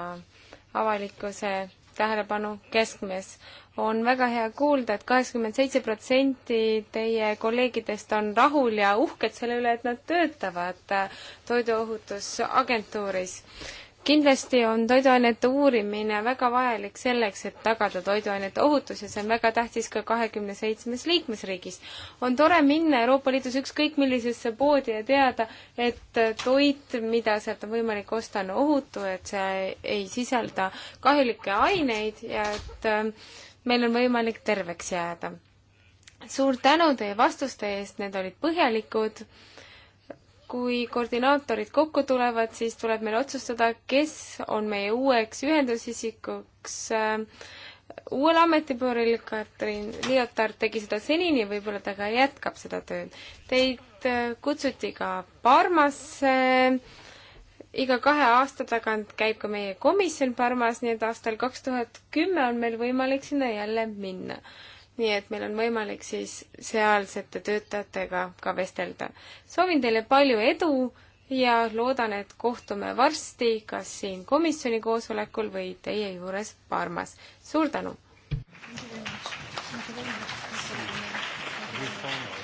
avalikkuse tähelepanu keskmes on väga hea kuulda et, et kaheksakümmend seitse protsenti teie kolleegidest on rahul ja uhked selle üle, et nad töötavad toiduohutusagentuuris. kindlasti on toiduainete uurimine väga vajalik selleks, et tagada toiduainete ohutus ja see on väga tähtis ka kahekümne seitsmes liikmesriigis. on tore minna Euroopa Liidus ükskõik millisesse poodi ja teada, et toit, mida sealt on võimalik osta, on ohutu, et see ei sisalda kahjulikke aineid ja et äh, meil on võimalik terveks jääda. suur tänu teie vastuste eest, need olid põhjalikud. kui koordinaatorid kokku tulevad, siis tuleb meil otsustada, kes on meie uueks ühendusisikuks äh, uuel ametipööril Katrin Liotard tegi seda senini, võib-olla ta ka jätkab seda tööd. Teid kutsuti ka Parmasse äh, iga kahe aasta tagant käib ka meie komisjon Parmas, nii et aastal kaks tuhat kümme on meil võimalik sinna jälle minna. nii et meil on võimalik siis sealsete töötajatega ka vestelda. soovin teile palju edu ja loodan, et kohtume varsti kas siin komisjoni koosolekul või teie juures Parmas. suur tänu! Thank you very much.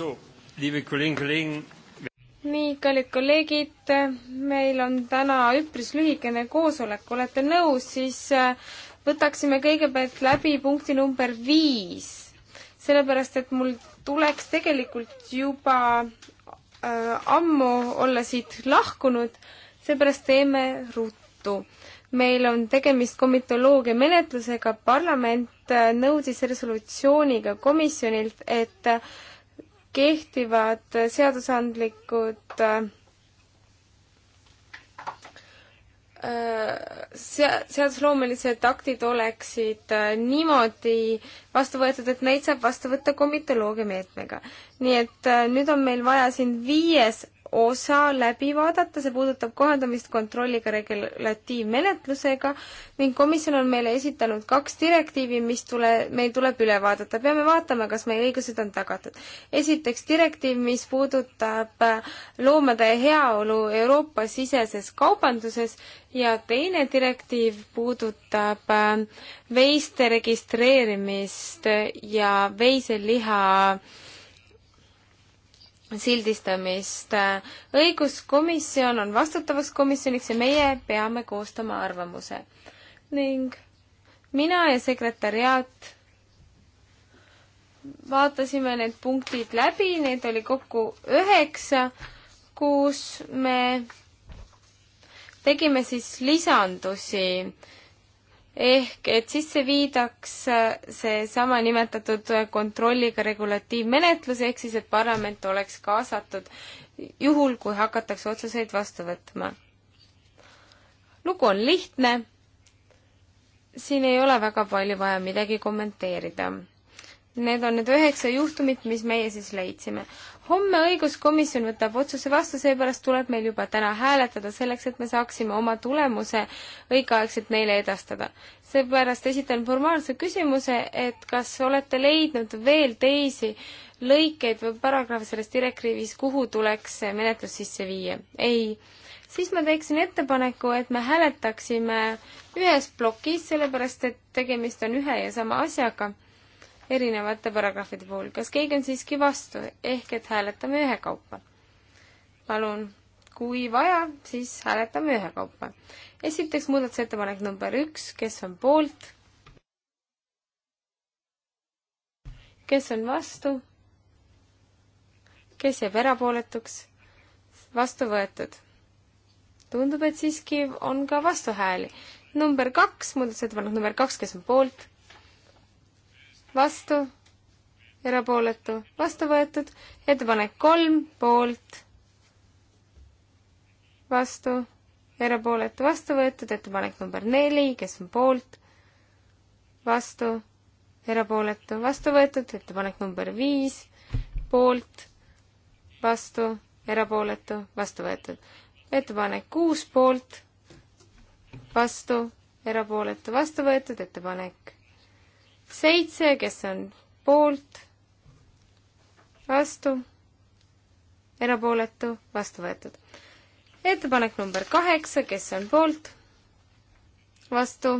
So, liebe Kolleginnen und Kollegen. nii, kallid kolleegid, meil on täna üpris lühikene koosolek, olete nõus, siis äh, võtaksime kõigepealt läbi punkti number viis, sellepärast et mul tuleks tegelikult juba äh, ammu olla siit lahkunud, seepärast teeme ruttu. meil on tegemist komitoloogia menetlusega, parlament äh, nõudis resolutsiooniga komisjonilt, et kehtivad seadusandlikud äh, sea-, seadusloomelised aktid oleksid äh, niimoodi vastu võetud, et neid saab vastu võtta komitoloogia meetmega. nii et äh, nüüd on meil vaja siin viies osa läbi vaadata, see puudutab kohandamist kontrolliga regulatiivmenetlusega ning komisjon on meile esitanud kaks direktiivi, mis tule, meil tuleb üle vaadata. peame vaatama, kas meie õigused on tagatud. esiteks direktiiv, mis puudutab äh, loomade heaolu Euroopa-siseses kaubanduses ja teine direktiiv puudutab äh, veiste registreerimist ja veiseliha äh, sildistamist. õiguskomisjon on vastutavaks komisjoniks ja meie peame koostama arvamuse. ning mina ja sekretäriaat vaatasime need punktid läbi, neid oli kokku üheksa, kus me tegime siis lisandusi äh, ehk et sisse viidaks äh, seesama nimetatud äh, kontrolliga regulatiivmenetlus, ehk siis et parlament oleks kaasatud juhul, kui hakatakse otsuseid vastu võtma. lugu on lihtne, siin ei ole väga palju vaja midagi kommenteerida. Need on need üheksa juhtumit, mis meie siis leidsime homme õiguskomisjon võtab otsuse vastu, seepärast tuleb meil juba täna hääletada selleks, et me saaksime oma tulemuse õigeaegselt neile edastada. seepärast esitan formaalse küsimuse, et kas olete leidnud veel teisi lõikeid või paragrahve selles direktiivis, kuhu tuleks menetlus sisse viia? ei. siis ma teeksin ettepaneku, et me hääletaksime ühes plokis, sellepärast et tegemist on ühe ja sama asjaga erinevate paragrahvide puhul. kas keegi on siiski vastu, ehk et hääletame ühekaupa? palun, kui vaja, siis hääletame ühekaupa. esiteks muudatusettepanek number üks, kes on poolt? kes on vastu? kes jääb erapooletuks? vastu võetud. tundub, et siiski on ka vastuhääli. number kaks, muudatusettepanek number kaks, kes on poolt? vastu, erapooletu, vastu võetud, ettepanek kolm, poolt, vastu, erapooletu, vastu võetud, ettepanek number neli, kes on poolt, vastu, erapooletu, vastu võetud, ettepanek number viis, poolt, vastu, erapooletu, vastu võetud. ettepanek kuus poolt, vastu, erapooletu, vastu võetud, ettepanek seitse, kes on poolt, vastu, erapooletu, vastu võetud. ettepanek number kaheksa, kes on poolt, vastu,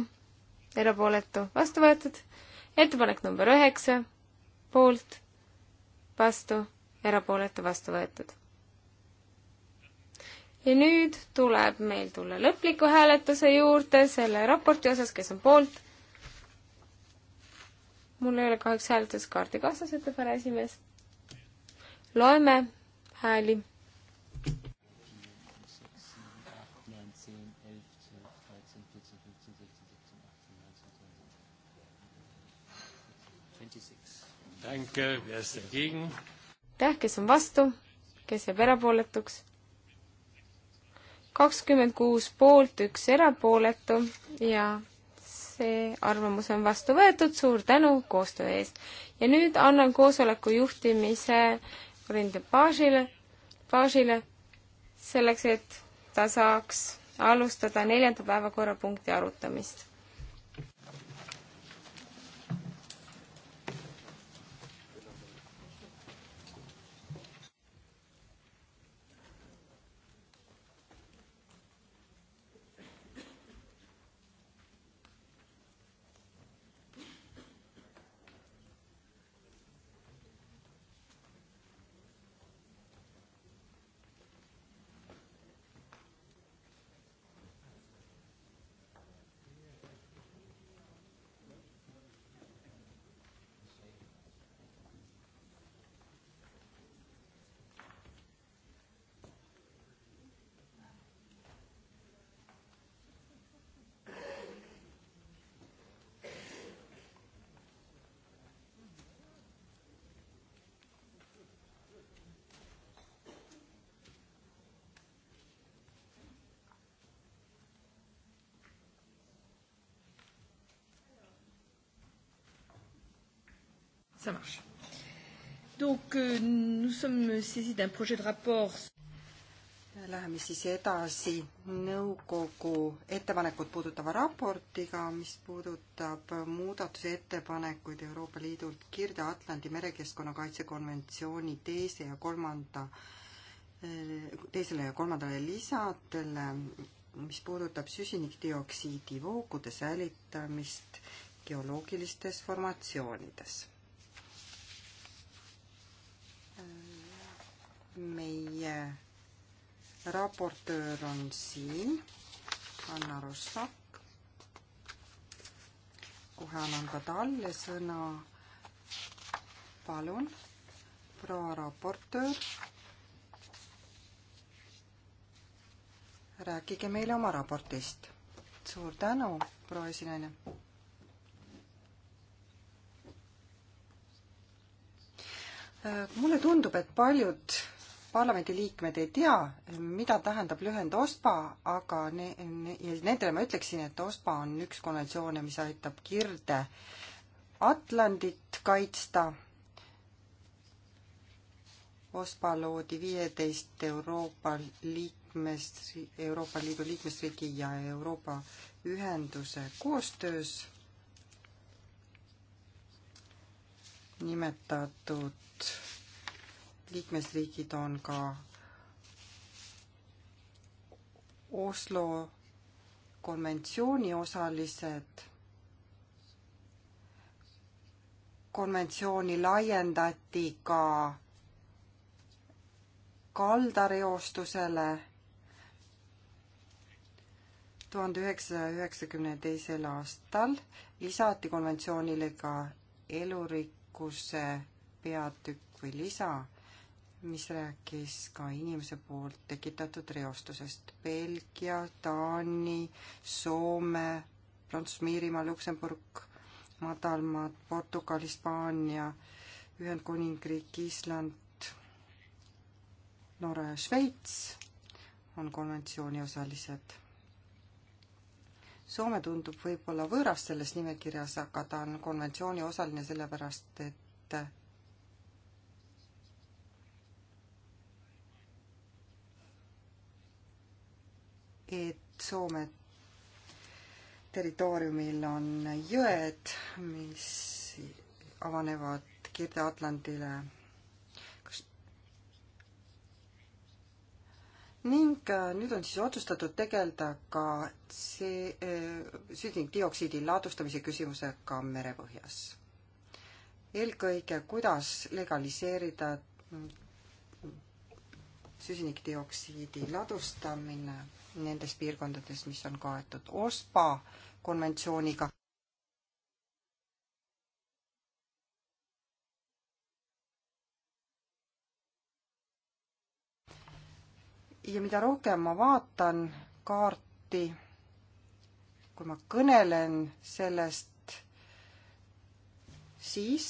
erapooletu, vastu võetud. ettepanek number üheksa, poolt, vastu, erapooletu, vastu võetud ja nüüd tuleb meil tulla lõpliku hääletuse juurde selle raporti osas, kes on poolt, mul ei ole kahjuks hääletuskaarti kaasas, ütleb härra esimees. loeme hääli. aitäh, kes on vastu, kes jääb erapooletuks. kakskümmend kuus poolt, üks erapooletu ja see arvamus on vastu võetud, suur tänu koostöö eest. ja nüüd annan koosoleku juhtimise Rinde Pažile, Pažile, selleks et ta saaks alustada neljanda päevakorrapunkti arutamist ça marche. Donc, euh, nous sommes saisis d'un projet de rapport. Läheme siis edasi nõukogu ettepanekut puudutava raportiga, mis puudutab muudatuse ettepanekuid Euroopa Liidult Kirde-Atlandi merekeskkonna kaitsekonventsiooni teise ja kolmanda, eh, teisele ja kolmandale lisadele, mis puudutab süsinikdioksiidi voogude säilitamist geoloogilistes formatsioonides meie raportöör on siin, Anna Rossak. kohe annan ka talle sõna. palun, proua raportöör. rääkige meile oma raportist. suur tänu, proua esinaine. mulle tundub, et paljud parlamendiliikmed ei tea, mida tähendab lühend OSPA, aga ne-, ne-, nendele ma ütleksin, et OSPA on üks konventsioone, mis aitab kirde Atlandit kaitsta. OSPA loodi viieteist Euroopa liikmesri-, Euroopa Liidu liikmesriigi ja Euroopa Ühenduse koostöös nimetatud liikmesriigid on ka Oslo konventsiooni osalised. konventsiooni laiendati ka kaldareostusele tuhande üheksasaja üheksakümne teisel aastal lisati konventsioonile ka elurikkuse peatükk või lisa mis rääkis ka inimese poolt tekitatud reostusest. Belgia, Taani, Soome, Prantsusmaa, Iirimaa, Luksemburg, madalmaad, Portugal, Hispaania, Ühendkuningriik, Island, Norra ja Šveits on konventsiooni osalised. Soome tundub võib-olla võõras selles nimekirjas, aga ta on konventsiooni osaline sellepärast, et et Soome territooriumil on jõed, mis avanevad Kirde-Atlandile. kas ning äh, nüüd on siis otsustatud tegeleda ka see äh, süsinikdioksiidi ladustamise küsimusega merepõhjas. eelkõige, kuidas legaliseerida süsinikdioksiidi ladustamine nendes piirkondades, mis on kaetud OSPA konventsiooniga. ja mida rohkem ma vaatan kaarti, kui ma kõnelen sellest, siis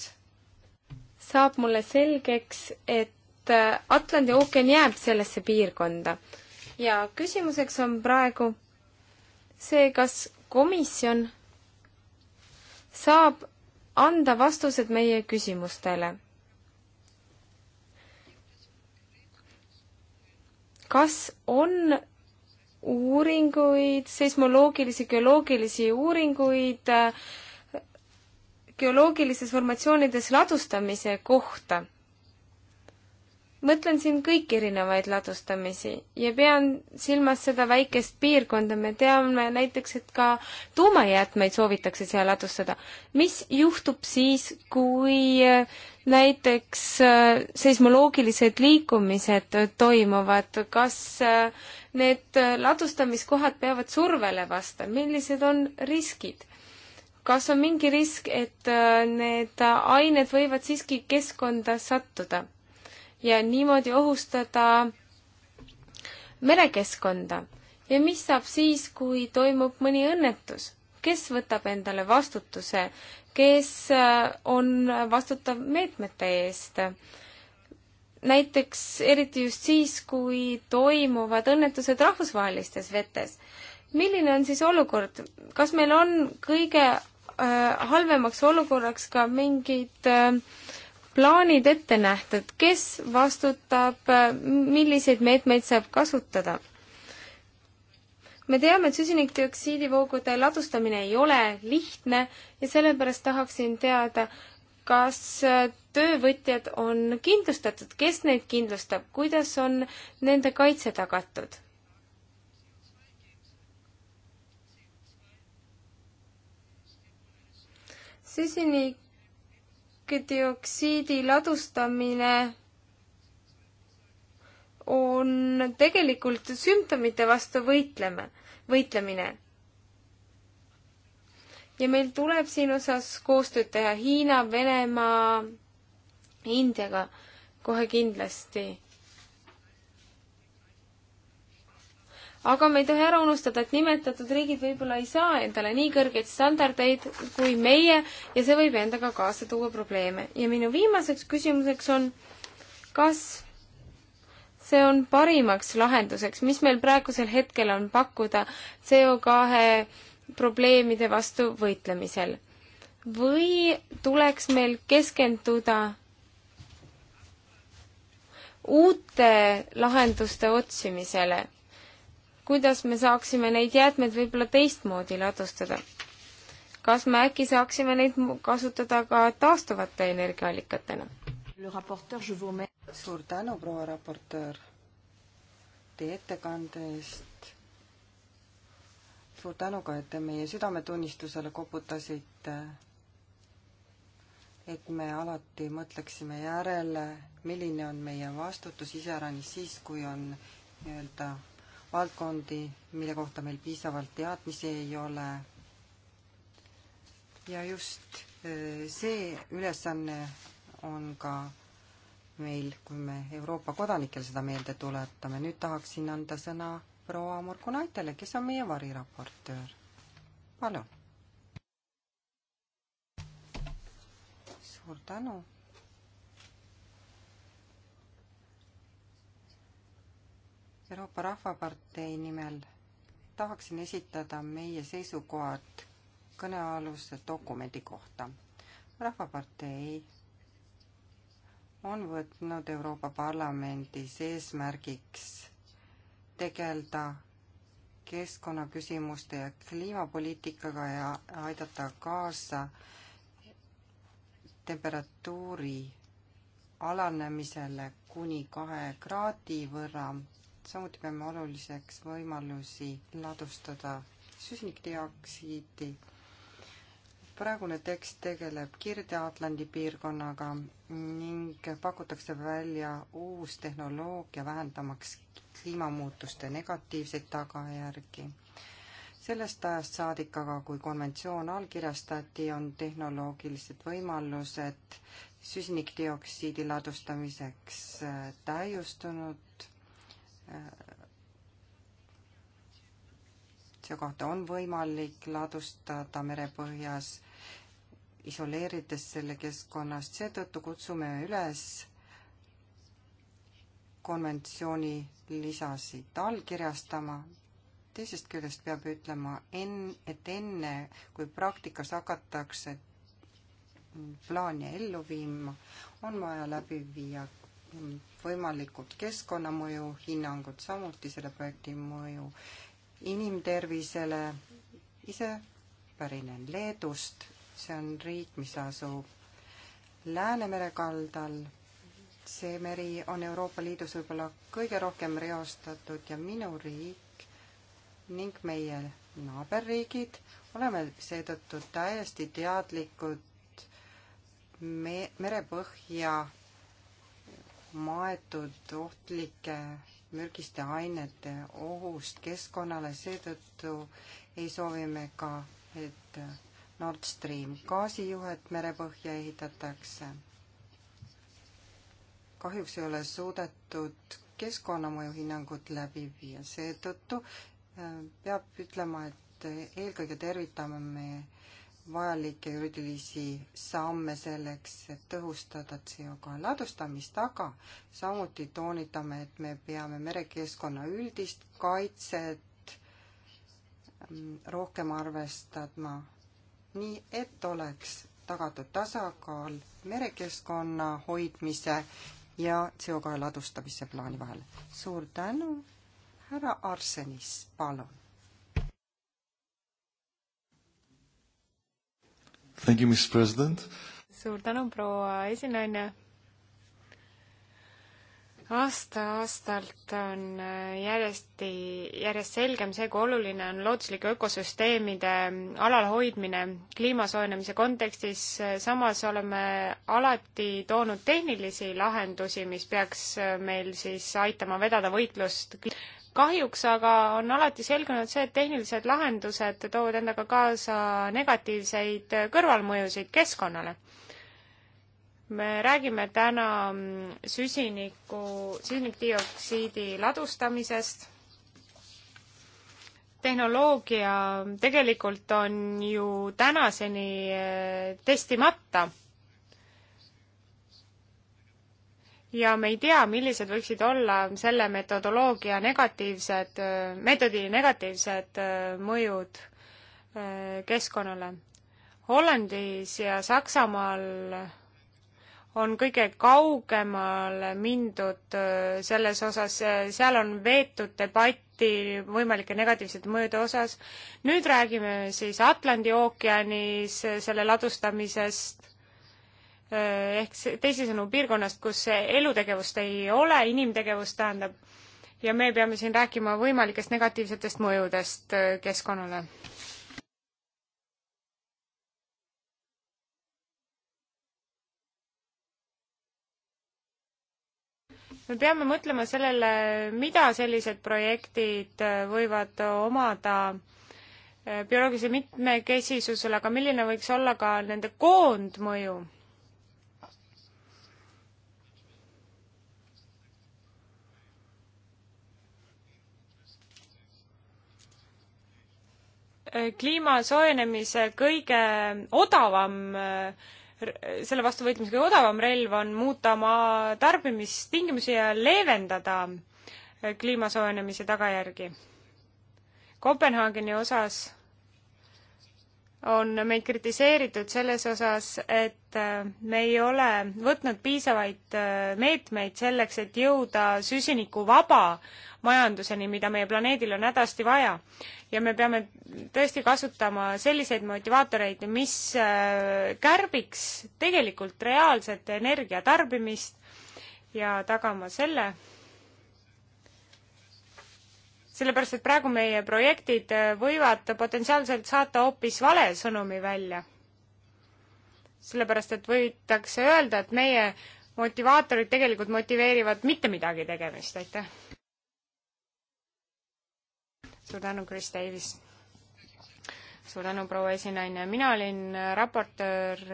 saab mulle selgeks, et Atlandi ookean jääb sellesse piirkonda ja küsimuseks on praegu see, kas komisjon saab anda vastused meie küsimustele. kas on uuringuid, seismoloogilisi, geoloogilisi uuringuid äh, geoloogilistes formatsioonides ladustamise kohta? mõtlen siin kõiki erinevaid ladustamisi ja pean silmas seda väikest piirkonda, me teame näiteks, et ka tuumajäätmeid soovitakse seal ladustada. mis juhtub siis, kui äh, näiteks äh, seismoloogilised liikumised toimuvad, kas äh, need ladustamiskohad peavad survele vastama, millised on riskid? kas on mingi risk, et need ained võivad siiski keskkonda sattuda? ja niimoodi ohustada merekeskkonda. ja mis saab siis, kui toimub mõni õnnetus? kes võtab endale vastutuse, kes äh, on vastutav meetmete eest? näiteks eriti just siis, kui toimuvad õnnetused rahvusvahelistes vetes. milline on siis olukord, kas meil on kõige äh, halvemaks olukorraks ka mingid äh, plaanid ette nähtud, kes vastutab, milliseid meetmeid saab kasutada? me teame, et süsinikdioksiidivoogude ladustamine ei ole lihtne ja sellepärast tahaksin teada, kas töövõtjad on kindlustatud, kes neid kindlustab, kuidas on nende kaitse tagatud? süsinik valgedioksiidi ladustamine on tegelikult sümptomite vastu võitleme, võitlemine. ja meil tuleb siin osas koostööd teha Hiina, Venemaa, Indiaga kohe kindlasti aga me ei tohi ära unustada, et nimetatud riigid võib-olla ei saa endale nii kõrgeid standardeid kui meie ja see võib endaga kaasa tuua probleeme. ja minu viimaseks küsimuseks on, kas see on parimaks lahenduseks, mis meil praegusel hetkel on pakkuda CO2 probleemide vastu võitlemisel? või tuleks meil keskenduda uute lahenduste otsimisele? kuidas me saaksime neid jäätmeid võib-olla teistmoodi ladustada? kas me äkki saaksime neid kasutada ka taastuvate energiaallikatena? suur tänu, proua raportöör, teie ettekande eest. suur tänu ka, et te meie südametunnistusele koputasite. et me alati mõtleksime järele, milline on meie vastutus iseäranis siis, kui on nii-öelda valdkondi, mille kohta meil piisavalt teadmisi ei ole. ja just eh, see ülesanne on ka meil, kui me Euroopa kodanikel seda meelde tuletame. nüüd tahaksin anda sõna proua Murkunaitele, kes on meie variraportöör. palun. suur tänu Euroopa Rahvapartei nimel tahaksin esitada meie seisukohad kõnealuse dokumendi kohta. rahvapartei on võtnud Euroopa Parlamendis eesmärgiks tegeleda keskkonnaküsimuste ja kliimapoliitikaga ja aidata kaasa temperatuuri alanemisele kuni kahe kraadi võrra samuti peame oluliseks võimalusi ladustada süsinikdioksiidi. praegune tekst tegeleb Kirde-Atlandi piirkonnaga ning pakutakse välja uus tehnoloogia, vähendamaks kliimamuutuste negatiivseid tagajärgi. sellest ajast saadik aga, kui konventsioon allkirjastati, on tehnoloogilised võimalused süsinikdioksiidi ladustamiseks äh, täiustunud CO2 on võimalik ladustada merepõhjas, isoleerides selle keskkonnast, seetõttu kutsume üles konventsiooni lisasid allkirjastama, teisest küljest peab ütlema, enn-, et enne, kui praktikas hakatakse plaani ellu viima, on vaja läbi viia võimalikud keskkonnamõju hinnangud, samuti selle projekti mõju inimtervisele. ise pärinen Leedust, see on riik, mis asub Läänemere kaldal. see meri on Euroopa Liidus võib-olla kõige rohkem reostatud ja minu riik ning meie naaberriigid oleme seetõttu täiesti teadlikud me merepõhja maetud ohtlike mürgiste ainete ohust keskkonnale, seetõttu ei soovi me ka, et Nord Stream gaasijuhet merepõhja ehitatakse. kahjuks ei ole suudetud keskkonnamõju hinnangut läbi viia, seetõttu äh, peab ütlema, et eelkõige tervitame me vajalikke juriidilisi samme selleks, et tõhustada CO2 ladustamist, aga samuti toonitame, et me peame merekeskkonna üldist kaitset mm, rohkem arvestama, nii et oleks tagatud tasakaal merekeskkonna hoidmise ja CO2 ladustamise plaani vahel. suur tänu, härra Arsenis, palun! Thank you, Miss President. suur tänu, proua esinaine aasta-aastalt on äh, järjesti, järjest selgem see, kui oluline on looduslike ökosüsteemide alalhoidmine kliima soojenemise kontekstis. samas oleme alati toonud tehnilisi lahendusi, mis peaks äh, meil siis aitama vedada võitlust kahjuks aga on alati selgunud see, et tehnilised lahendused toovad endaga kaasa negatiivseid kõrvalmõjusid keskkonnale. me räägime täna süsiniku, süsinikdioksiidi ladustamisest. tehnoloogia tegelikult on ju tänaseni eh, testimata ja me ei tea, millised võiksid olla selle metodoloogia negatiivsed, meetodi negatiivsed äh, mõjud äh, keskkonnale. Hollandis ja Saksamaal on kõige kaugemale mindud äh, selles osas, seal on veetud debatti võimalike negatiivsete mõjude osas. nüüd räägime siis Atlandi ookeanis selle ladustamisest Eh, ehk teisisõnu piirkonnast, kus elutegevust ei ole, inimtegevust tähendab, ja me peame siin rääkima võimalikest negatiivsetest mõjudest eh, keskkonnale. me peame mõtlema sellele, mida sellised projektid eh, võivad omada bioloogilisele mitmekesisusele, aga milline võiks olla ka nende koondmõju kliima soojenemise kõige odavam, selle vastu võitlemise kõige odavam relv on muuta oma tarbimistingimusi ja leevendada kliima soojenemise tagajärgi. Kopenhaageni osas on meid kritiseeritud selles osas, et äh, me ei ole võtnud piisavaid äh, meetmeid selleks, et jõuda süsinikuvaba majanduseni, mida meie planeedil on hädasti vaja. ja me peame tõesti kasutama selliseid motivaatoreid, mis äh, kärbiks tegelikult reaalset energiatarbimist ja tagama selle, sellepärast, et praegu meie projektid äh, võivad potentsiaalselt saata hoopis vale sõnumi välja. sellepärast, et võidakse öelda, et meie motivaatorid tegelikult motiveerivad mitte midagi tegemist, aitäh. suur tänu, Chris Davis. suur tänu, proua esinaine, mina olin äh, raportöör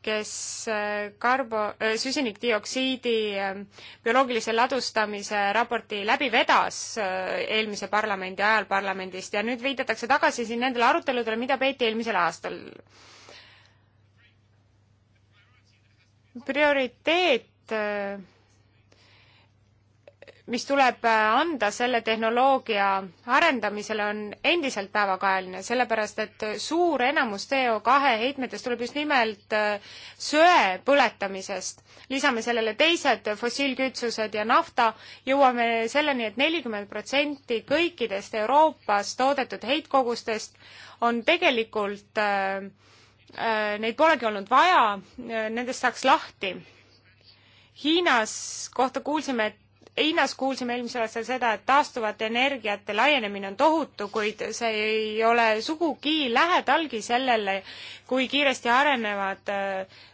kes äh, karbo-, äh, süsinikdioksiidi äh, bioloogilise ladustamise raporti läbi vedas eelmise parlamendi ajal parlamendist ja nüüd viidatakse tagasi siin nendele aruteludele, mida peeti eelmisel aastal. prioriteet mis tuleb äh, anda selle tehnoloogia arendamisele, on endiselt päevakajaline, sellepärast et suur enamus CO2 heitmetest tuleb just nimelt äh, söe põletamisest. lisame sellele teised fossiilkütused ja nafta, jõuame selleni et, et nelikümmend protsenti kõikidest Euroopas toodetud heitkogustest on tegelikult äh, Neid polegi olnud vaja, nendest saaks lahti. Hiinas kohta kuulsime, et Hiinas kuulsime eelmisel aastal seda, et taastuvate energiate laienemine on tohutu, kuid see ei ole sugugi lähedalgi sellele, kui kiiresti arenevad äh,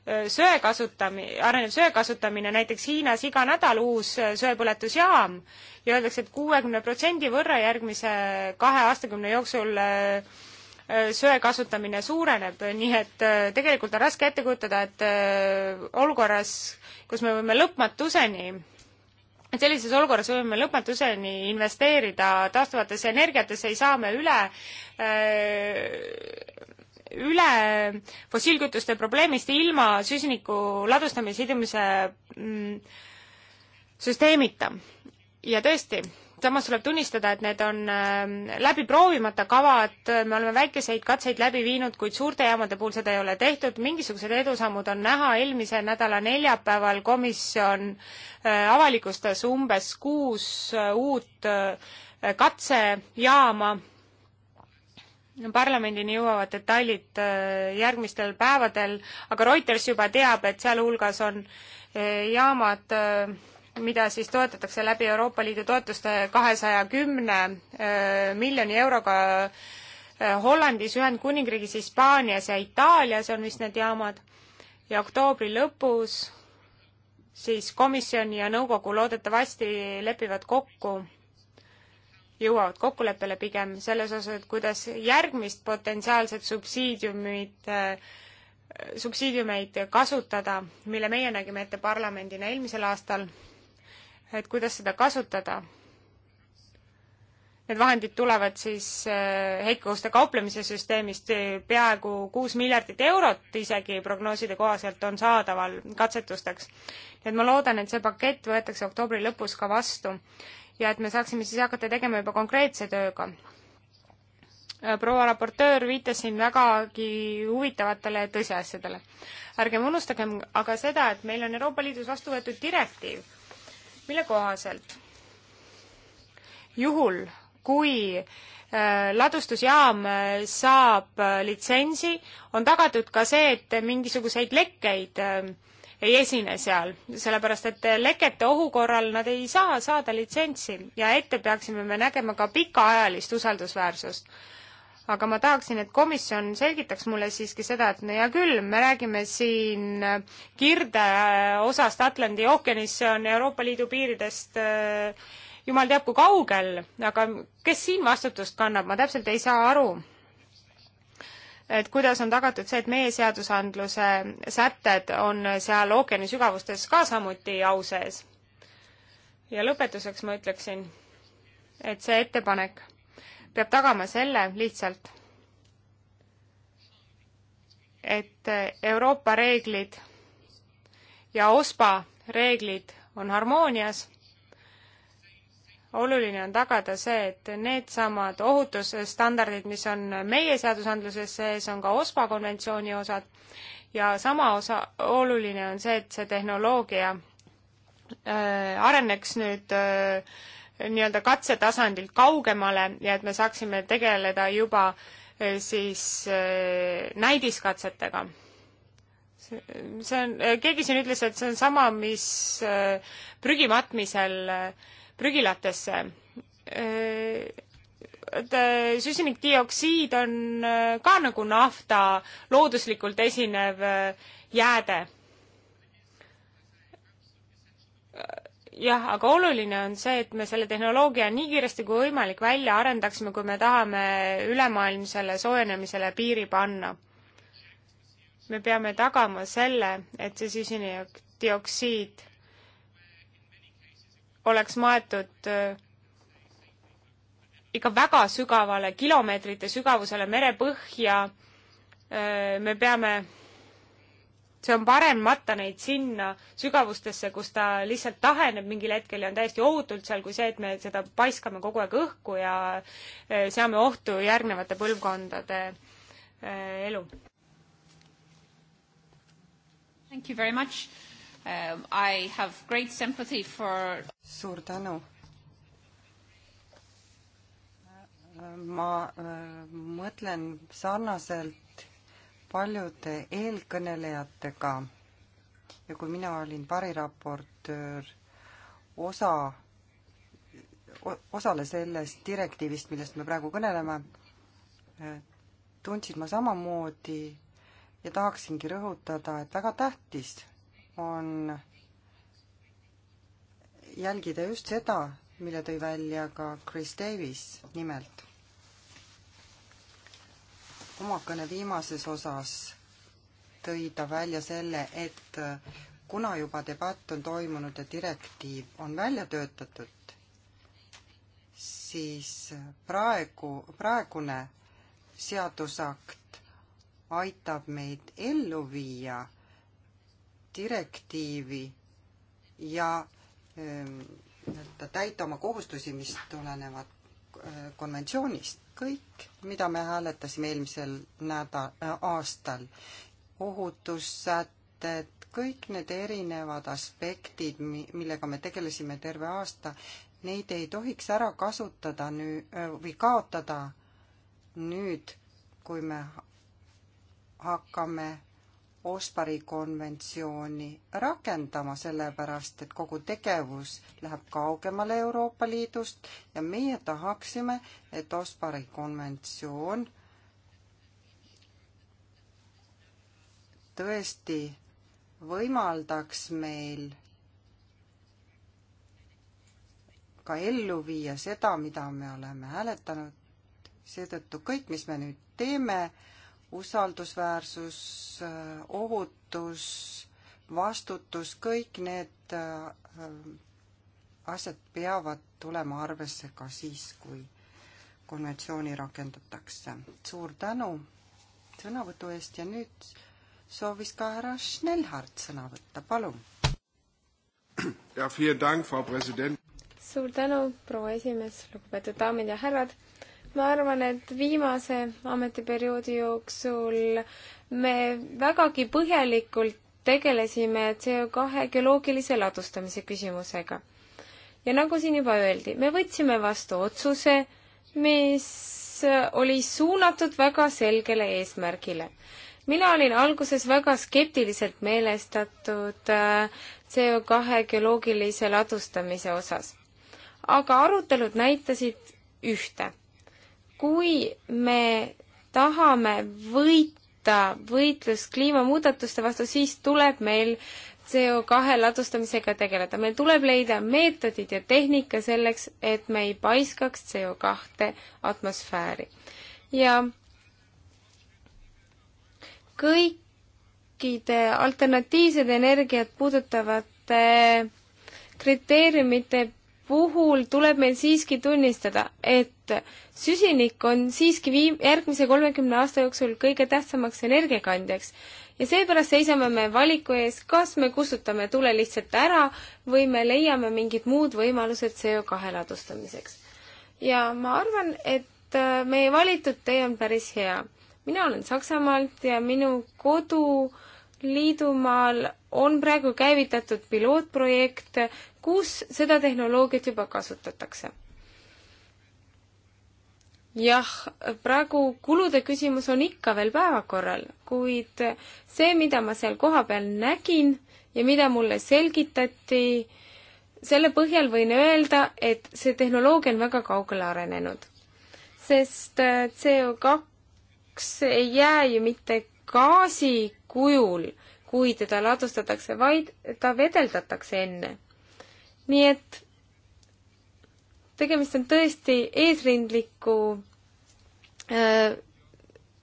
äh, söe kasutami-, areneb söe kasutamine, näiteks Hiinas iga nädal uus äh, söepõletusjaam ja öeldakse et, et kuuekümne protsendi võrra järgmise kahe aastakümne jooksul söe kasutamine suureneb, nii et tegelikult on raske ette kujutada, et olukorras, kus me võime lõpmatuseni et sellises olukorras võime me lõpmatuseni investeerida taastuvatesse energiatesse, ei saa me üle äh, üle fossiilkütuste probleemist ilma süsiniku ladustamise sidumise mm, süsteemita. ja tõesti, samas tuleb tunnistada, et need on ähm, läbi proovimata kavad, me oleme väikeseid katseid läbi viinud, kuid suurte jaamade puhul seda ei ole tehtud, mingisugused edusammud on näha, eelmise nädala neljapäeval komisjon äh, avalikustas umbes kuus äh, uut äh, katsejaama, parlamendini jõuavad detailid järgmistel päevadel, aga Reuters juba teab, et sealhulgas on jaamad mida siis toetatakse läbi Euroopa Liidu toetuste kahesaja kümne miljoni euroga Hollandis, Ühendkuningriigis, Hispaanias ja Itaalias on vist need jaamad ja oktoobri lõpus siis komisjon ja nõukogu loodetavasti lepivad kokku, jõuavad kokkuleppele pigem selles osas, et kuidas järgmist potentsiaalset subsiidiumit subsiidiumeid kasutada, mille meie nägime ette parlamendina eelmisel aastal et kuidas seda kasutada. Need vahendid tulevad siis äh, heitkoguste kauplemise süsteemist, peaaegu kuus miljardit eurot isegi prognooside kohaselt on saadaval katsetusteks. nii et ma loodan, et see pakett võetakse oktoobri lõpus ka vastu ja et me saaksime siis hakata tegema juba konkreetse tööga. Äh, proua raportöör viitas siin vägagi huvitavatele tõsiasjadele. ärgem unustagem aga seda, et meil on Euroopa Liidus vastu võetud direktiiv mille kohaselt juhul, kui äh, ladustusjaam äh, saab äh, litsentsi, on tagatud ka see, et mingisuguseid lekkeid ei esine seal, sellepärast et lekete ohu korral nad ei saa saada litsentsi ja ette peaksime me nägema ka pikaajalist usaldusväärsust aga ma tahaksin, et komisjon selgitaks mulle siiski seda, et no hea küll, me räägime siin äh, kirde äh, osast Atlandi ookeanis, see on Euroopa Liidu piiridest äh, jumal teab kui kaugel, aga kes siin vastutust kannab, ma täpselt ei saa aru. et kuidas on tagatud see, et meie seadusandluse sätted on seal ookeani sügavustes ka samuti au sees. ja lõpetuseks ma ütleksin, et see ettepanek peab tagama selle lihtsalt, et Euroopa reeglid ja OSPA reeglid on harmoonias. oluline on tagada see, et needsamad ohutusstandardid, mis on meie seadusandluses sees, on ka OSPA konventsiooni osad ja sama osa, oluline on see, et see tehnoloogia öö, äh, areneks nüüd öö, äh, nii-öelda katsetasandilt kaugemale ja et me saaksime tegeleda juba eh, siis eh, näidiskatsetega. see on, eh, keegi siin ütles, et see on sama, mis prügi matmisel prügilatesse. et süsinikdioksiid on ka nagu nafta looduslikult esinev jääde jah, aga oluline on see, et me selle tehnoloogia nii kiiresti kui võimalik välja arendaksime, kui me tahame ülemaailmsele soojenemisele piiri panna. me peame tagama selle, et see süsinikdioksiid oleks maetud äh, ikka väga sügavale, kilomeetrite sügavusele merepõhja. Äh, me peame see on parem matta neid sinna sügavustesse, kus ta lihtsalt taheneb mingil hetkel ja on täiesti ohutult seal, kui see, et me seda paiskame kogu aeg õhku ja eh, seame ohtu järgnevate põlvkondade eh, elu. Thank you very much um,. I have great sympathy for suur tänu. ma äh, mõtlen sarnaselt paljude eelkõnelejatega ja kui mina olin variraportöör, osa, osale sellest direktiivist, millest me praegu kõneleme, tundsin ma samamoodi ja tahaksingi rõhutada, et väga tähtis on jälgida just seda, mille tõi välja ka Chris Davis nimelt omakõne viimases osas tõi ta välja selle, et kuna juba debatt on toimunud ja direktiiv on välja töötatud, siis praegu, praegune seadusakt aitab meid ellu viia direktiivi ja ähm, täita oma kohustusi, mis tulenevad äh, konventsioonist kõik, mida me hääletasime eelmisel näda- äh,, aastal, ohutussätted, kõik need erinevad aspektid, mi-, millega me tegelesime terve aasta, neid ei tohiks ära kasutada nüüd äh, või kaotada nüüd, kui me hakkame Ospari konventsiooni rakendama, sellepärast et kogu tegevus läheb kaugemale Euroopa Liidust ja meie tahaksime, et Ospari konventsioon tõesti võimaldaks meil ka ellu viia seda, mida me oleme hääletanud. seetõttu kõik, mis me nüüd teeme, usaldusväärsus, ohutus, vastutus, kõik need äh, asjad peavad tulema arvesse ka siis, kui konventsiooni rakendatakse. suur tänu sõnavõtu eest ja nüüd soovis ka härra Schnellhardt sõna võtta, palun. suur tänu, proua esimees, lugupeetud daamid ja härrad ma arvan, et viimase ametiperioodi jooksul me vägagi põhjalikult tegelesime CO2 geoloogilise ladustamise küsimusega. ja nagu siin juba öeldi, me võtsime vastu otsuse, mis oli suunatud väga selgele eesmärgile. mina olin alguses väga skeptiliselt meelestatud äh, CO2 geoloogilise ladustamise osas. aga arutelud näitasid ühte kui me tahame võita võitlust kliimamuudatuste vastu, siis tuleb meil CO2 ladustamisega tegeleda. meil tuleb leida meetodid ja tehnika selleks, et me ei paiskaks CO2 atmosfääri. ja kõikide alternatiivsed energiat puudutavate kriteeriumite puhul tuleb meil siiski tunnistada, et süsinik on siiski viim-, järgmise kolmekümne aasta jooksul kõige tähtsamaks energiakandjaks. ja seepärast seisame me valiku ees, kas me kustutame tule lihtsalt ära või me leiame mingid muud võimalused CO2 ladustamiseks. ja ma arvan, et äh, meie valitud tee on päris hea. mina olen Saksamaalt ja minu kodu Liidumaal on praegu käivitatud pilootprojekt, kus seda tehnoloogiat juba kasutatakse. jah, praegu kulude küsimus on ikka veel päevakorral, kuid see, mida ma seal kohapeal nägin ja mida mulle selgitati, selle põhjal võin öelda, et see tehnoloogia on väga kaugele arenenud. sest äh, CO2 ei jää ju mitte gaasi kujul, kui teda ladustatakse, vaid ta vedeldatakse enne nii et tegemist on tõesti eesrindliku äh,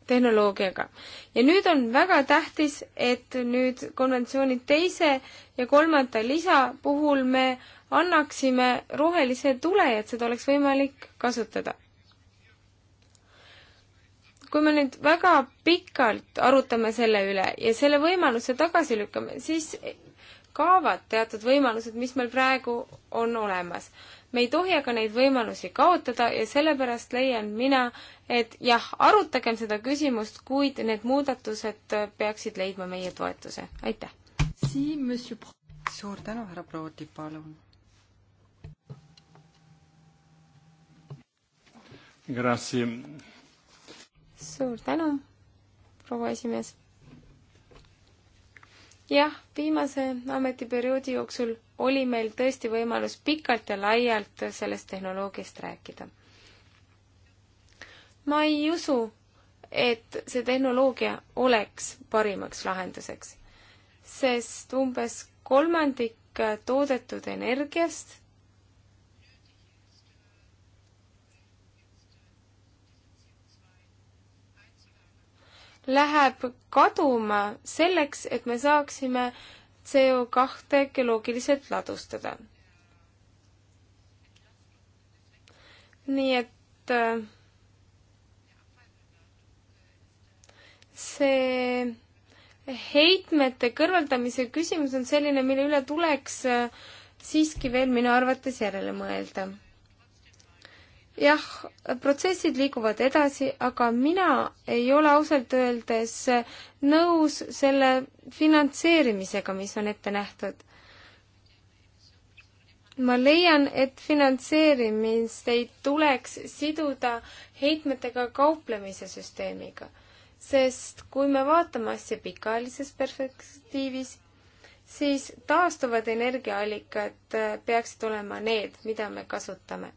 tehnoloogiaga. ja nüüd on väga tähtis, et nüüd konventsiooni teise ja kolmanda lisa puhul me annaksime rohelise tule, et seda oleks võimalik kasutada. kui me nüüd väga pikalt arutame selle üle ja selle võimaluse tagasi lükkame, siis kaovad teatud võimalused, mis meil praegu on olemas. me ei tohi aga neid võimalusi kaotada ja sellepärast leian mina, et jah, arutagem seda küsimust, kuid need muudatused peaksid leidma meie toetuse. aitäh! suur tänu, härra Proodi, palun! suur tänu, proua esimees jah, viimase ametiperioodi jooksul oli meil tõesti võimalus pikalt ja laialt sellest tehnoloogiast rääkida. ma ei usu, et see tehnoloogia oleks parimaks lahenduseks, sest umbes kolmandik toodetud energiast läheb kaduma selleks, et me saaksime CO kahte geoloogiliselt ladustada. nii et äh, see heitmete kõrvaldamise küsimus on selline, mille üle tuleks äh, siiski veel minu arvates järele mõelda jah, protsessid liiguvad edasi, aga mina ei ole ausalt öeldes nõus selle finantseerimisega, mis on ette nähtud. ma leian, et finantseerimist ei tuleks siduda heitmetega kauplemise süsteemiga, sest kui me vaatame asja pikaajalises perspektiivis, siis taastuvad energiaallikad peaksid olema need, mida me kasutame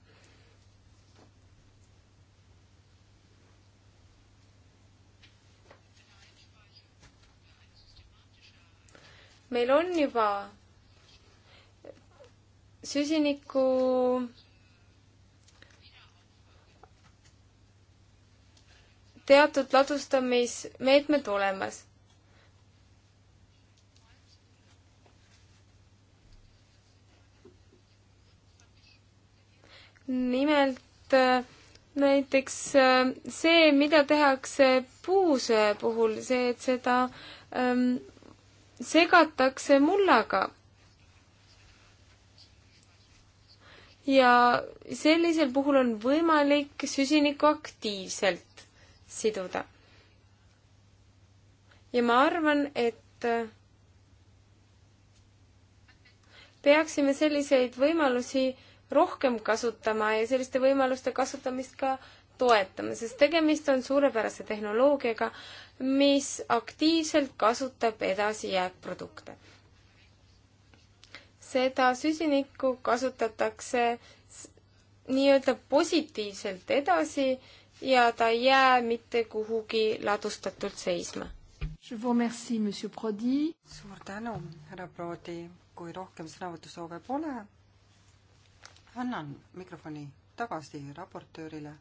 meil on juba süsiniku teatud ladustamismeetmed olemas. nimelt äh, näiteks äh, see, mida tehakse puuse puhul, see, et seda ähm, segatakse mullaga. ja sellisel puhul on võimalik süsinikku aktiivselt siduda. ja ma arvan, et äh, peaksime selliseid võimalusi rohkem kasutama ja selliste võimaluste kasutamist ka toetama, sest tegemist on suurepärase tehnoloogiaga, mis aktiivselt kasutab edasi jääkprodukte. seda süsinikku kasutatakse nii-öelda positiivselt edasi ja ta ei jää mitte kuhugi ladustatult seisma. suur tänu, härra Prodi, kui rohkem sõnavõtusoove pole, annan mikrofoni tagasi raportöörile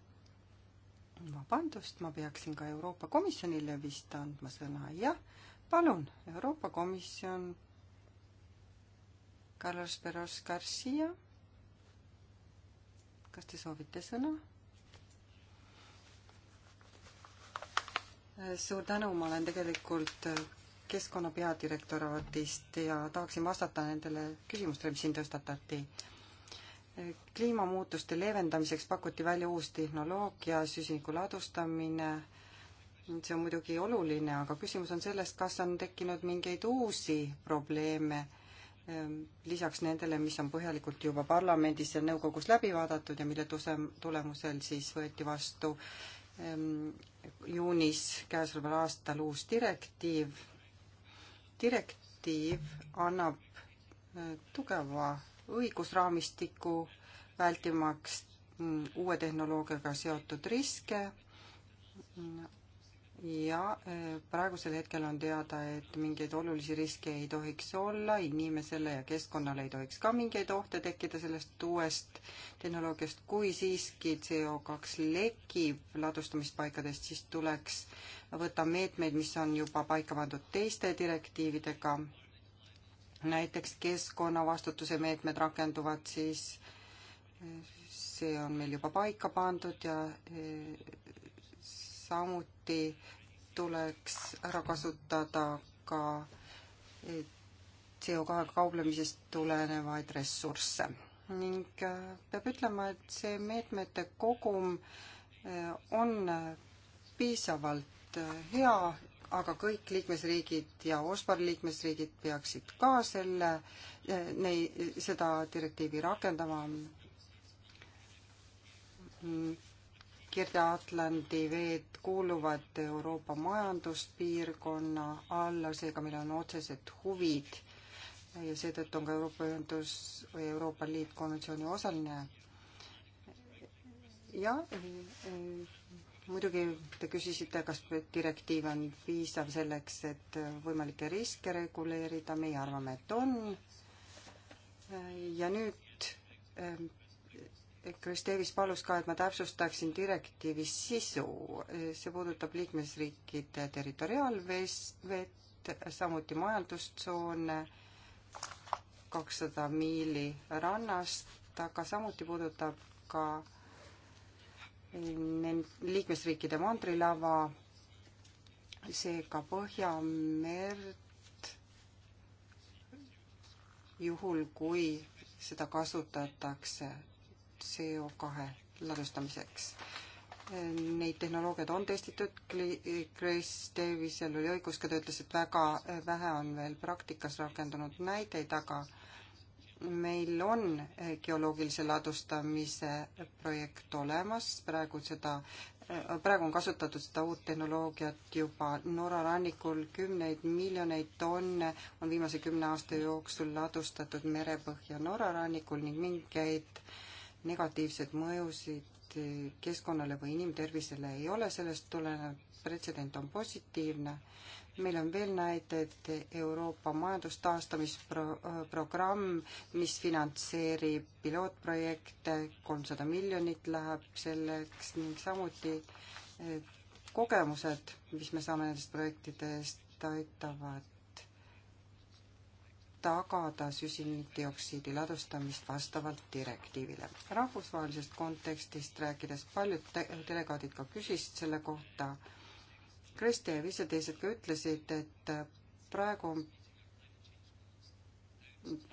vabandust, ma peaksin ka Euroopa Komisjonile vist andma sõna, jah, palun, Euroopa Komisjon, Carlos Peros Garcia, kas te soovite sõna? suur tänu, ma olen tegelikult keskkonna peadirektoraatist ja tahaksin vastata nendele küsimustele, mis siin tõstatati kliimamuutuste leevendamiseks pakuti välja uus tehnoloogia, süsiniku ladustamine, see on muidugi oluline, aga küsimus on selles, kas on tekkinud mingeid uusi probleeme ehm, lisaks nendele, mis on põhjalikult juba parlamendis ja nõukogus läbi vaadatud ja mille tuse, tulemusel siis võeti vastu ehm, juunis käesoleval aastal uus direktiiv. direktiiv annab ehm, tugeva õigusraamistiku, vältimaks mm, uue tehnoloogiaga seotud riske ja eh, praegusel hetkel on teada, et mingeid olulisi riske ei tohiks olla, inimesele ja keskkonnale ei tohiks ka mingeid ohte tekkida sellest uuest tehnoloogiast. kui siiski CO2 lekib ladustamispaikadest, siis tuleks võtta meetmeid, mis on juba paika pandud teiste direktiividega näiteks keskkonnavastutuse meetmed rakenduvad siis, see on meil juba paika pandud ja eh, samuti tuleks ära kasutada ka eh, CO2 kauplemisest tulenevaid ressursse. ning eh, peab ütlema, et see meetmete kogum on piisavalt hea aga kõik liikmesriigid ja OSPAR liikmesriigid peaksid ka selle, eh, nei-, seda direktiivi rakendama. Kirde-Atlandi veed kuuluvad Euroopa majanduspiirkonna alla, seega meil on otsesed huvid ja seetõttu on ka Euroopa Ühendus või Euroopa Liit konventsiooni osaline. jah, eh, eh, muidugi te küsisite, kas direktiiv on piisav selleks, et võimalikke riske reguleerida, meie arvame, et on. ja nüüd eh, Chris Davis palus ka, et ma täpsustaksin direktiivi sisu. see puudutab liikmesriikide territoriaalvett, samuti majandustsoone, kakssada miili rannast, aga samuti puudutab ka liikmesriikide mandrilava, seega Põhjamerd, juhul kui seda kasutatakse CO kahe ladustamiseks. Neid tehnoloogiaid on testitud, Grace Davisel oli õigus, kui ta ütles, et väga vähe on veel praktikas rakendunud näiteid, aga äh, meil on eh, geoloogilise ladustamise projekt olemas, praegu seda, eh, praegu on kasutatud seda uut tehnoloogiat juba Norra rannikul, kümneid miljoneid tonne on viimase kümne aasta jooksul ladustatud merepõhja Norra rannikul ning mingeid negatiivseid mõjusid eh, keskkonnale või inimtervisele ei ole, sellest tulenev pretsedent on positiivne meil on veel näited Euroopa majandustaastamisprogramm, äh, mis finantseerib pilootprojekte, kolmsada miljonit läheb selleks ning samuti kogemused, mis me saame nendest projektidest, aitavad tagada süsinikdioksiidi ladustamist vastavalt direktiivile. rahvusvahelisest kontekstist rääkides paljud delegaadid ka küsisid selle kohta Kristja ja vist teised ka ütlesid, et praegu on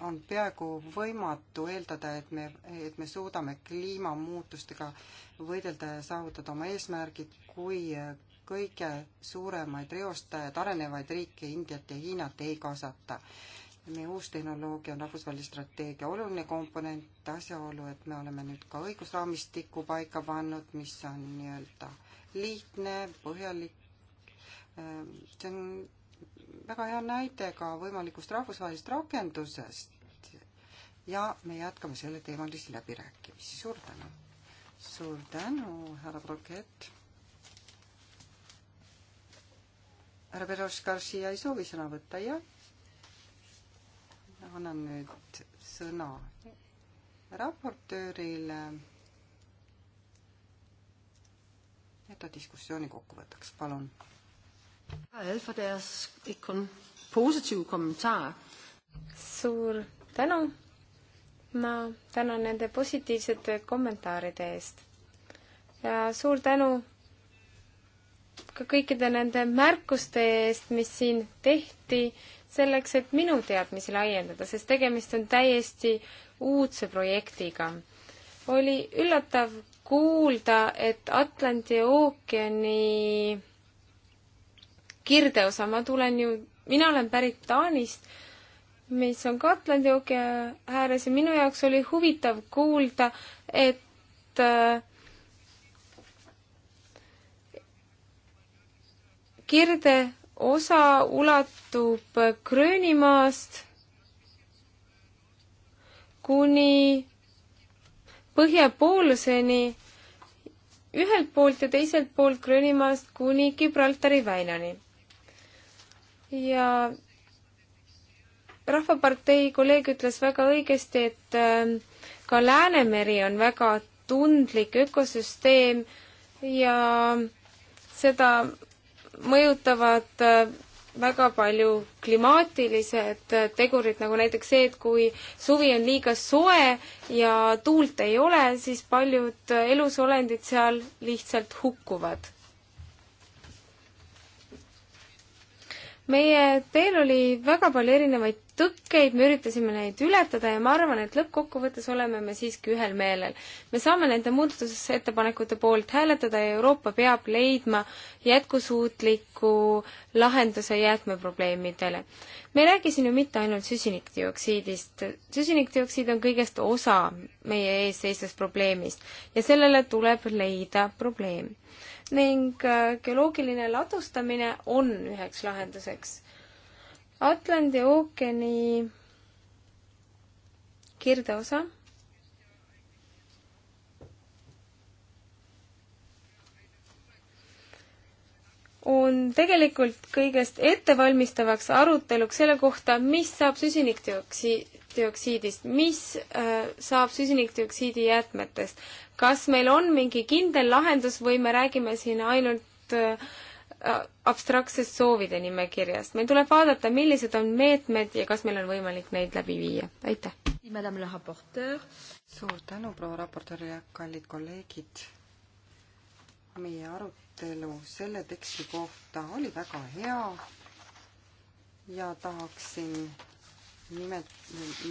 on peaaegu võimatu eeldada, et me, et me suudame kliimamuutustega võidelda ja saavutada oma eesmärgid, kui kõige suuremaid reostajaid, arenevaid riike, Indiat ja Hiinat ei kaasata. meie uus tehnoloogia on rahvusvahelise strateegia oluline komponent, asjaolu, et me oleme nüüd ka õigusraamistiku paika pannud, mis on nii-öelda lihtne, põhjalik, Ehm, see on väga hea näide ka võimalikust rahvusvahelisest rakendusest ja me jätkame selle teemalisi läbirääkimisi. suur tänu! suur tänu, härra Brokett! härra Peros Garcia ei soovi sõna võtta, jah? annan nüüd sõna raportöörile, et ta diskussiooni kokku võtaks, palun suur tänu. ma tänan nende positiivsete kommentaaride eest. ja suur tänu ka kõikide nende märkuste eest, mis siin tehti, selleks, et minu teadmisi laiendada, sest tegemist on täiesti uudse projektiga. oli üllatav kuulda, et Atlandi ookeani kirdeosa, ma tulen ju, mina olen pärit Taanist, mis on Gotlandi ookeani okay, ääres ja minu jaoks oli huvitav kuulda, et äh, kirde osa ulatub Gröönimaast kuni põhjapooluseni ühelt poolt ja teiselt poolt Gröönimaast kuni Gibraltari väinani ja Rahvapartei kolleeg ütles väga õigesti, et äh, ka Läänemeri on väga tundlik ökosüsteem ja seda mõjutavad äh, väga palju klimaatilised äh, tegurid, nagu näiteks see, et kui suvi on liiga soe ja tuult ei ole, siis paljud elusolendid seal lihtsalt hukkuvad. meie teel oli väga palju erinevaid tõkkeid, me üritasime neid ületada ja ma arvan, et lõppkokkuvõttes oleme me siiski ühel meelel. me saame nende muudatusettepanekute poolt hääletada ja Euroopa peab leidma jätkusuutliku lahenduse jäätmeprobleemidele. me ei räägi siin ju mitte ainult süsinikdioksiidist, süsinikdioksiid on kõigest osa meie ees seisvast probleemist ja sellele tuleb leida probleem ning äh, geoloogiline ladustamine on üheks lahenduseks. Atlandi ookeani kirdeosa on tegelikult kõigest ettevalmistavaks aruteluks selle kohta, mis saab süsinikdioksi-, dioksiidist, mis äh, saab süsinikdioksiidi jäätmetest? kas meil on mingi kindel lahendus või me räägime siin ainult äh, abstraktsest soovide nimekirjast. meil tuleb vaadata, millised on meetmed ja kas meil on võimalik neid läbi viia. aitäh! suur tänu, proua raportöör ja kallid kolleegid! meie arutelu selle teksti kohta oli väga hea ja tahaksin nimet-,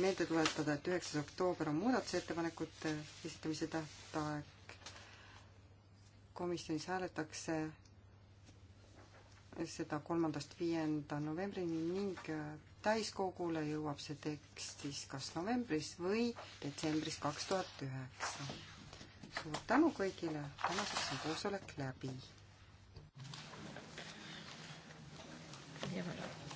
meelde tuletada, et üheksas oktoober on muudatusettepanekute esitamise tähtaeg. komisjonis hääletakse seda kolmandast viienda novembrini ning täiskogule jõuab see tekst siis kas novembris või detsembris kaks tuhat üheksa. suur tänu kõigile, tänaseks on koosolek läbi. ja väga.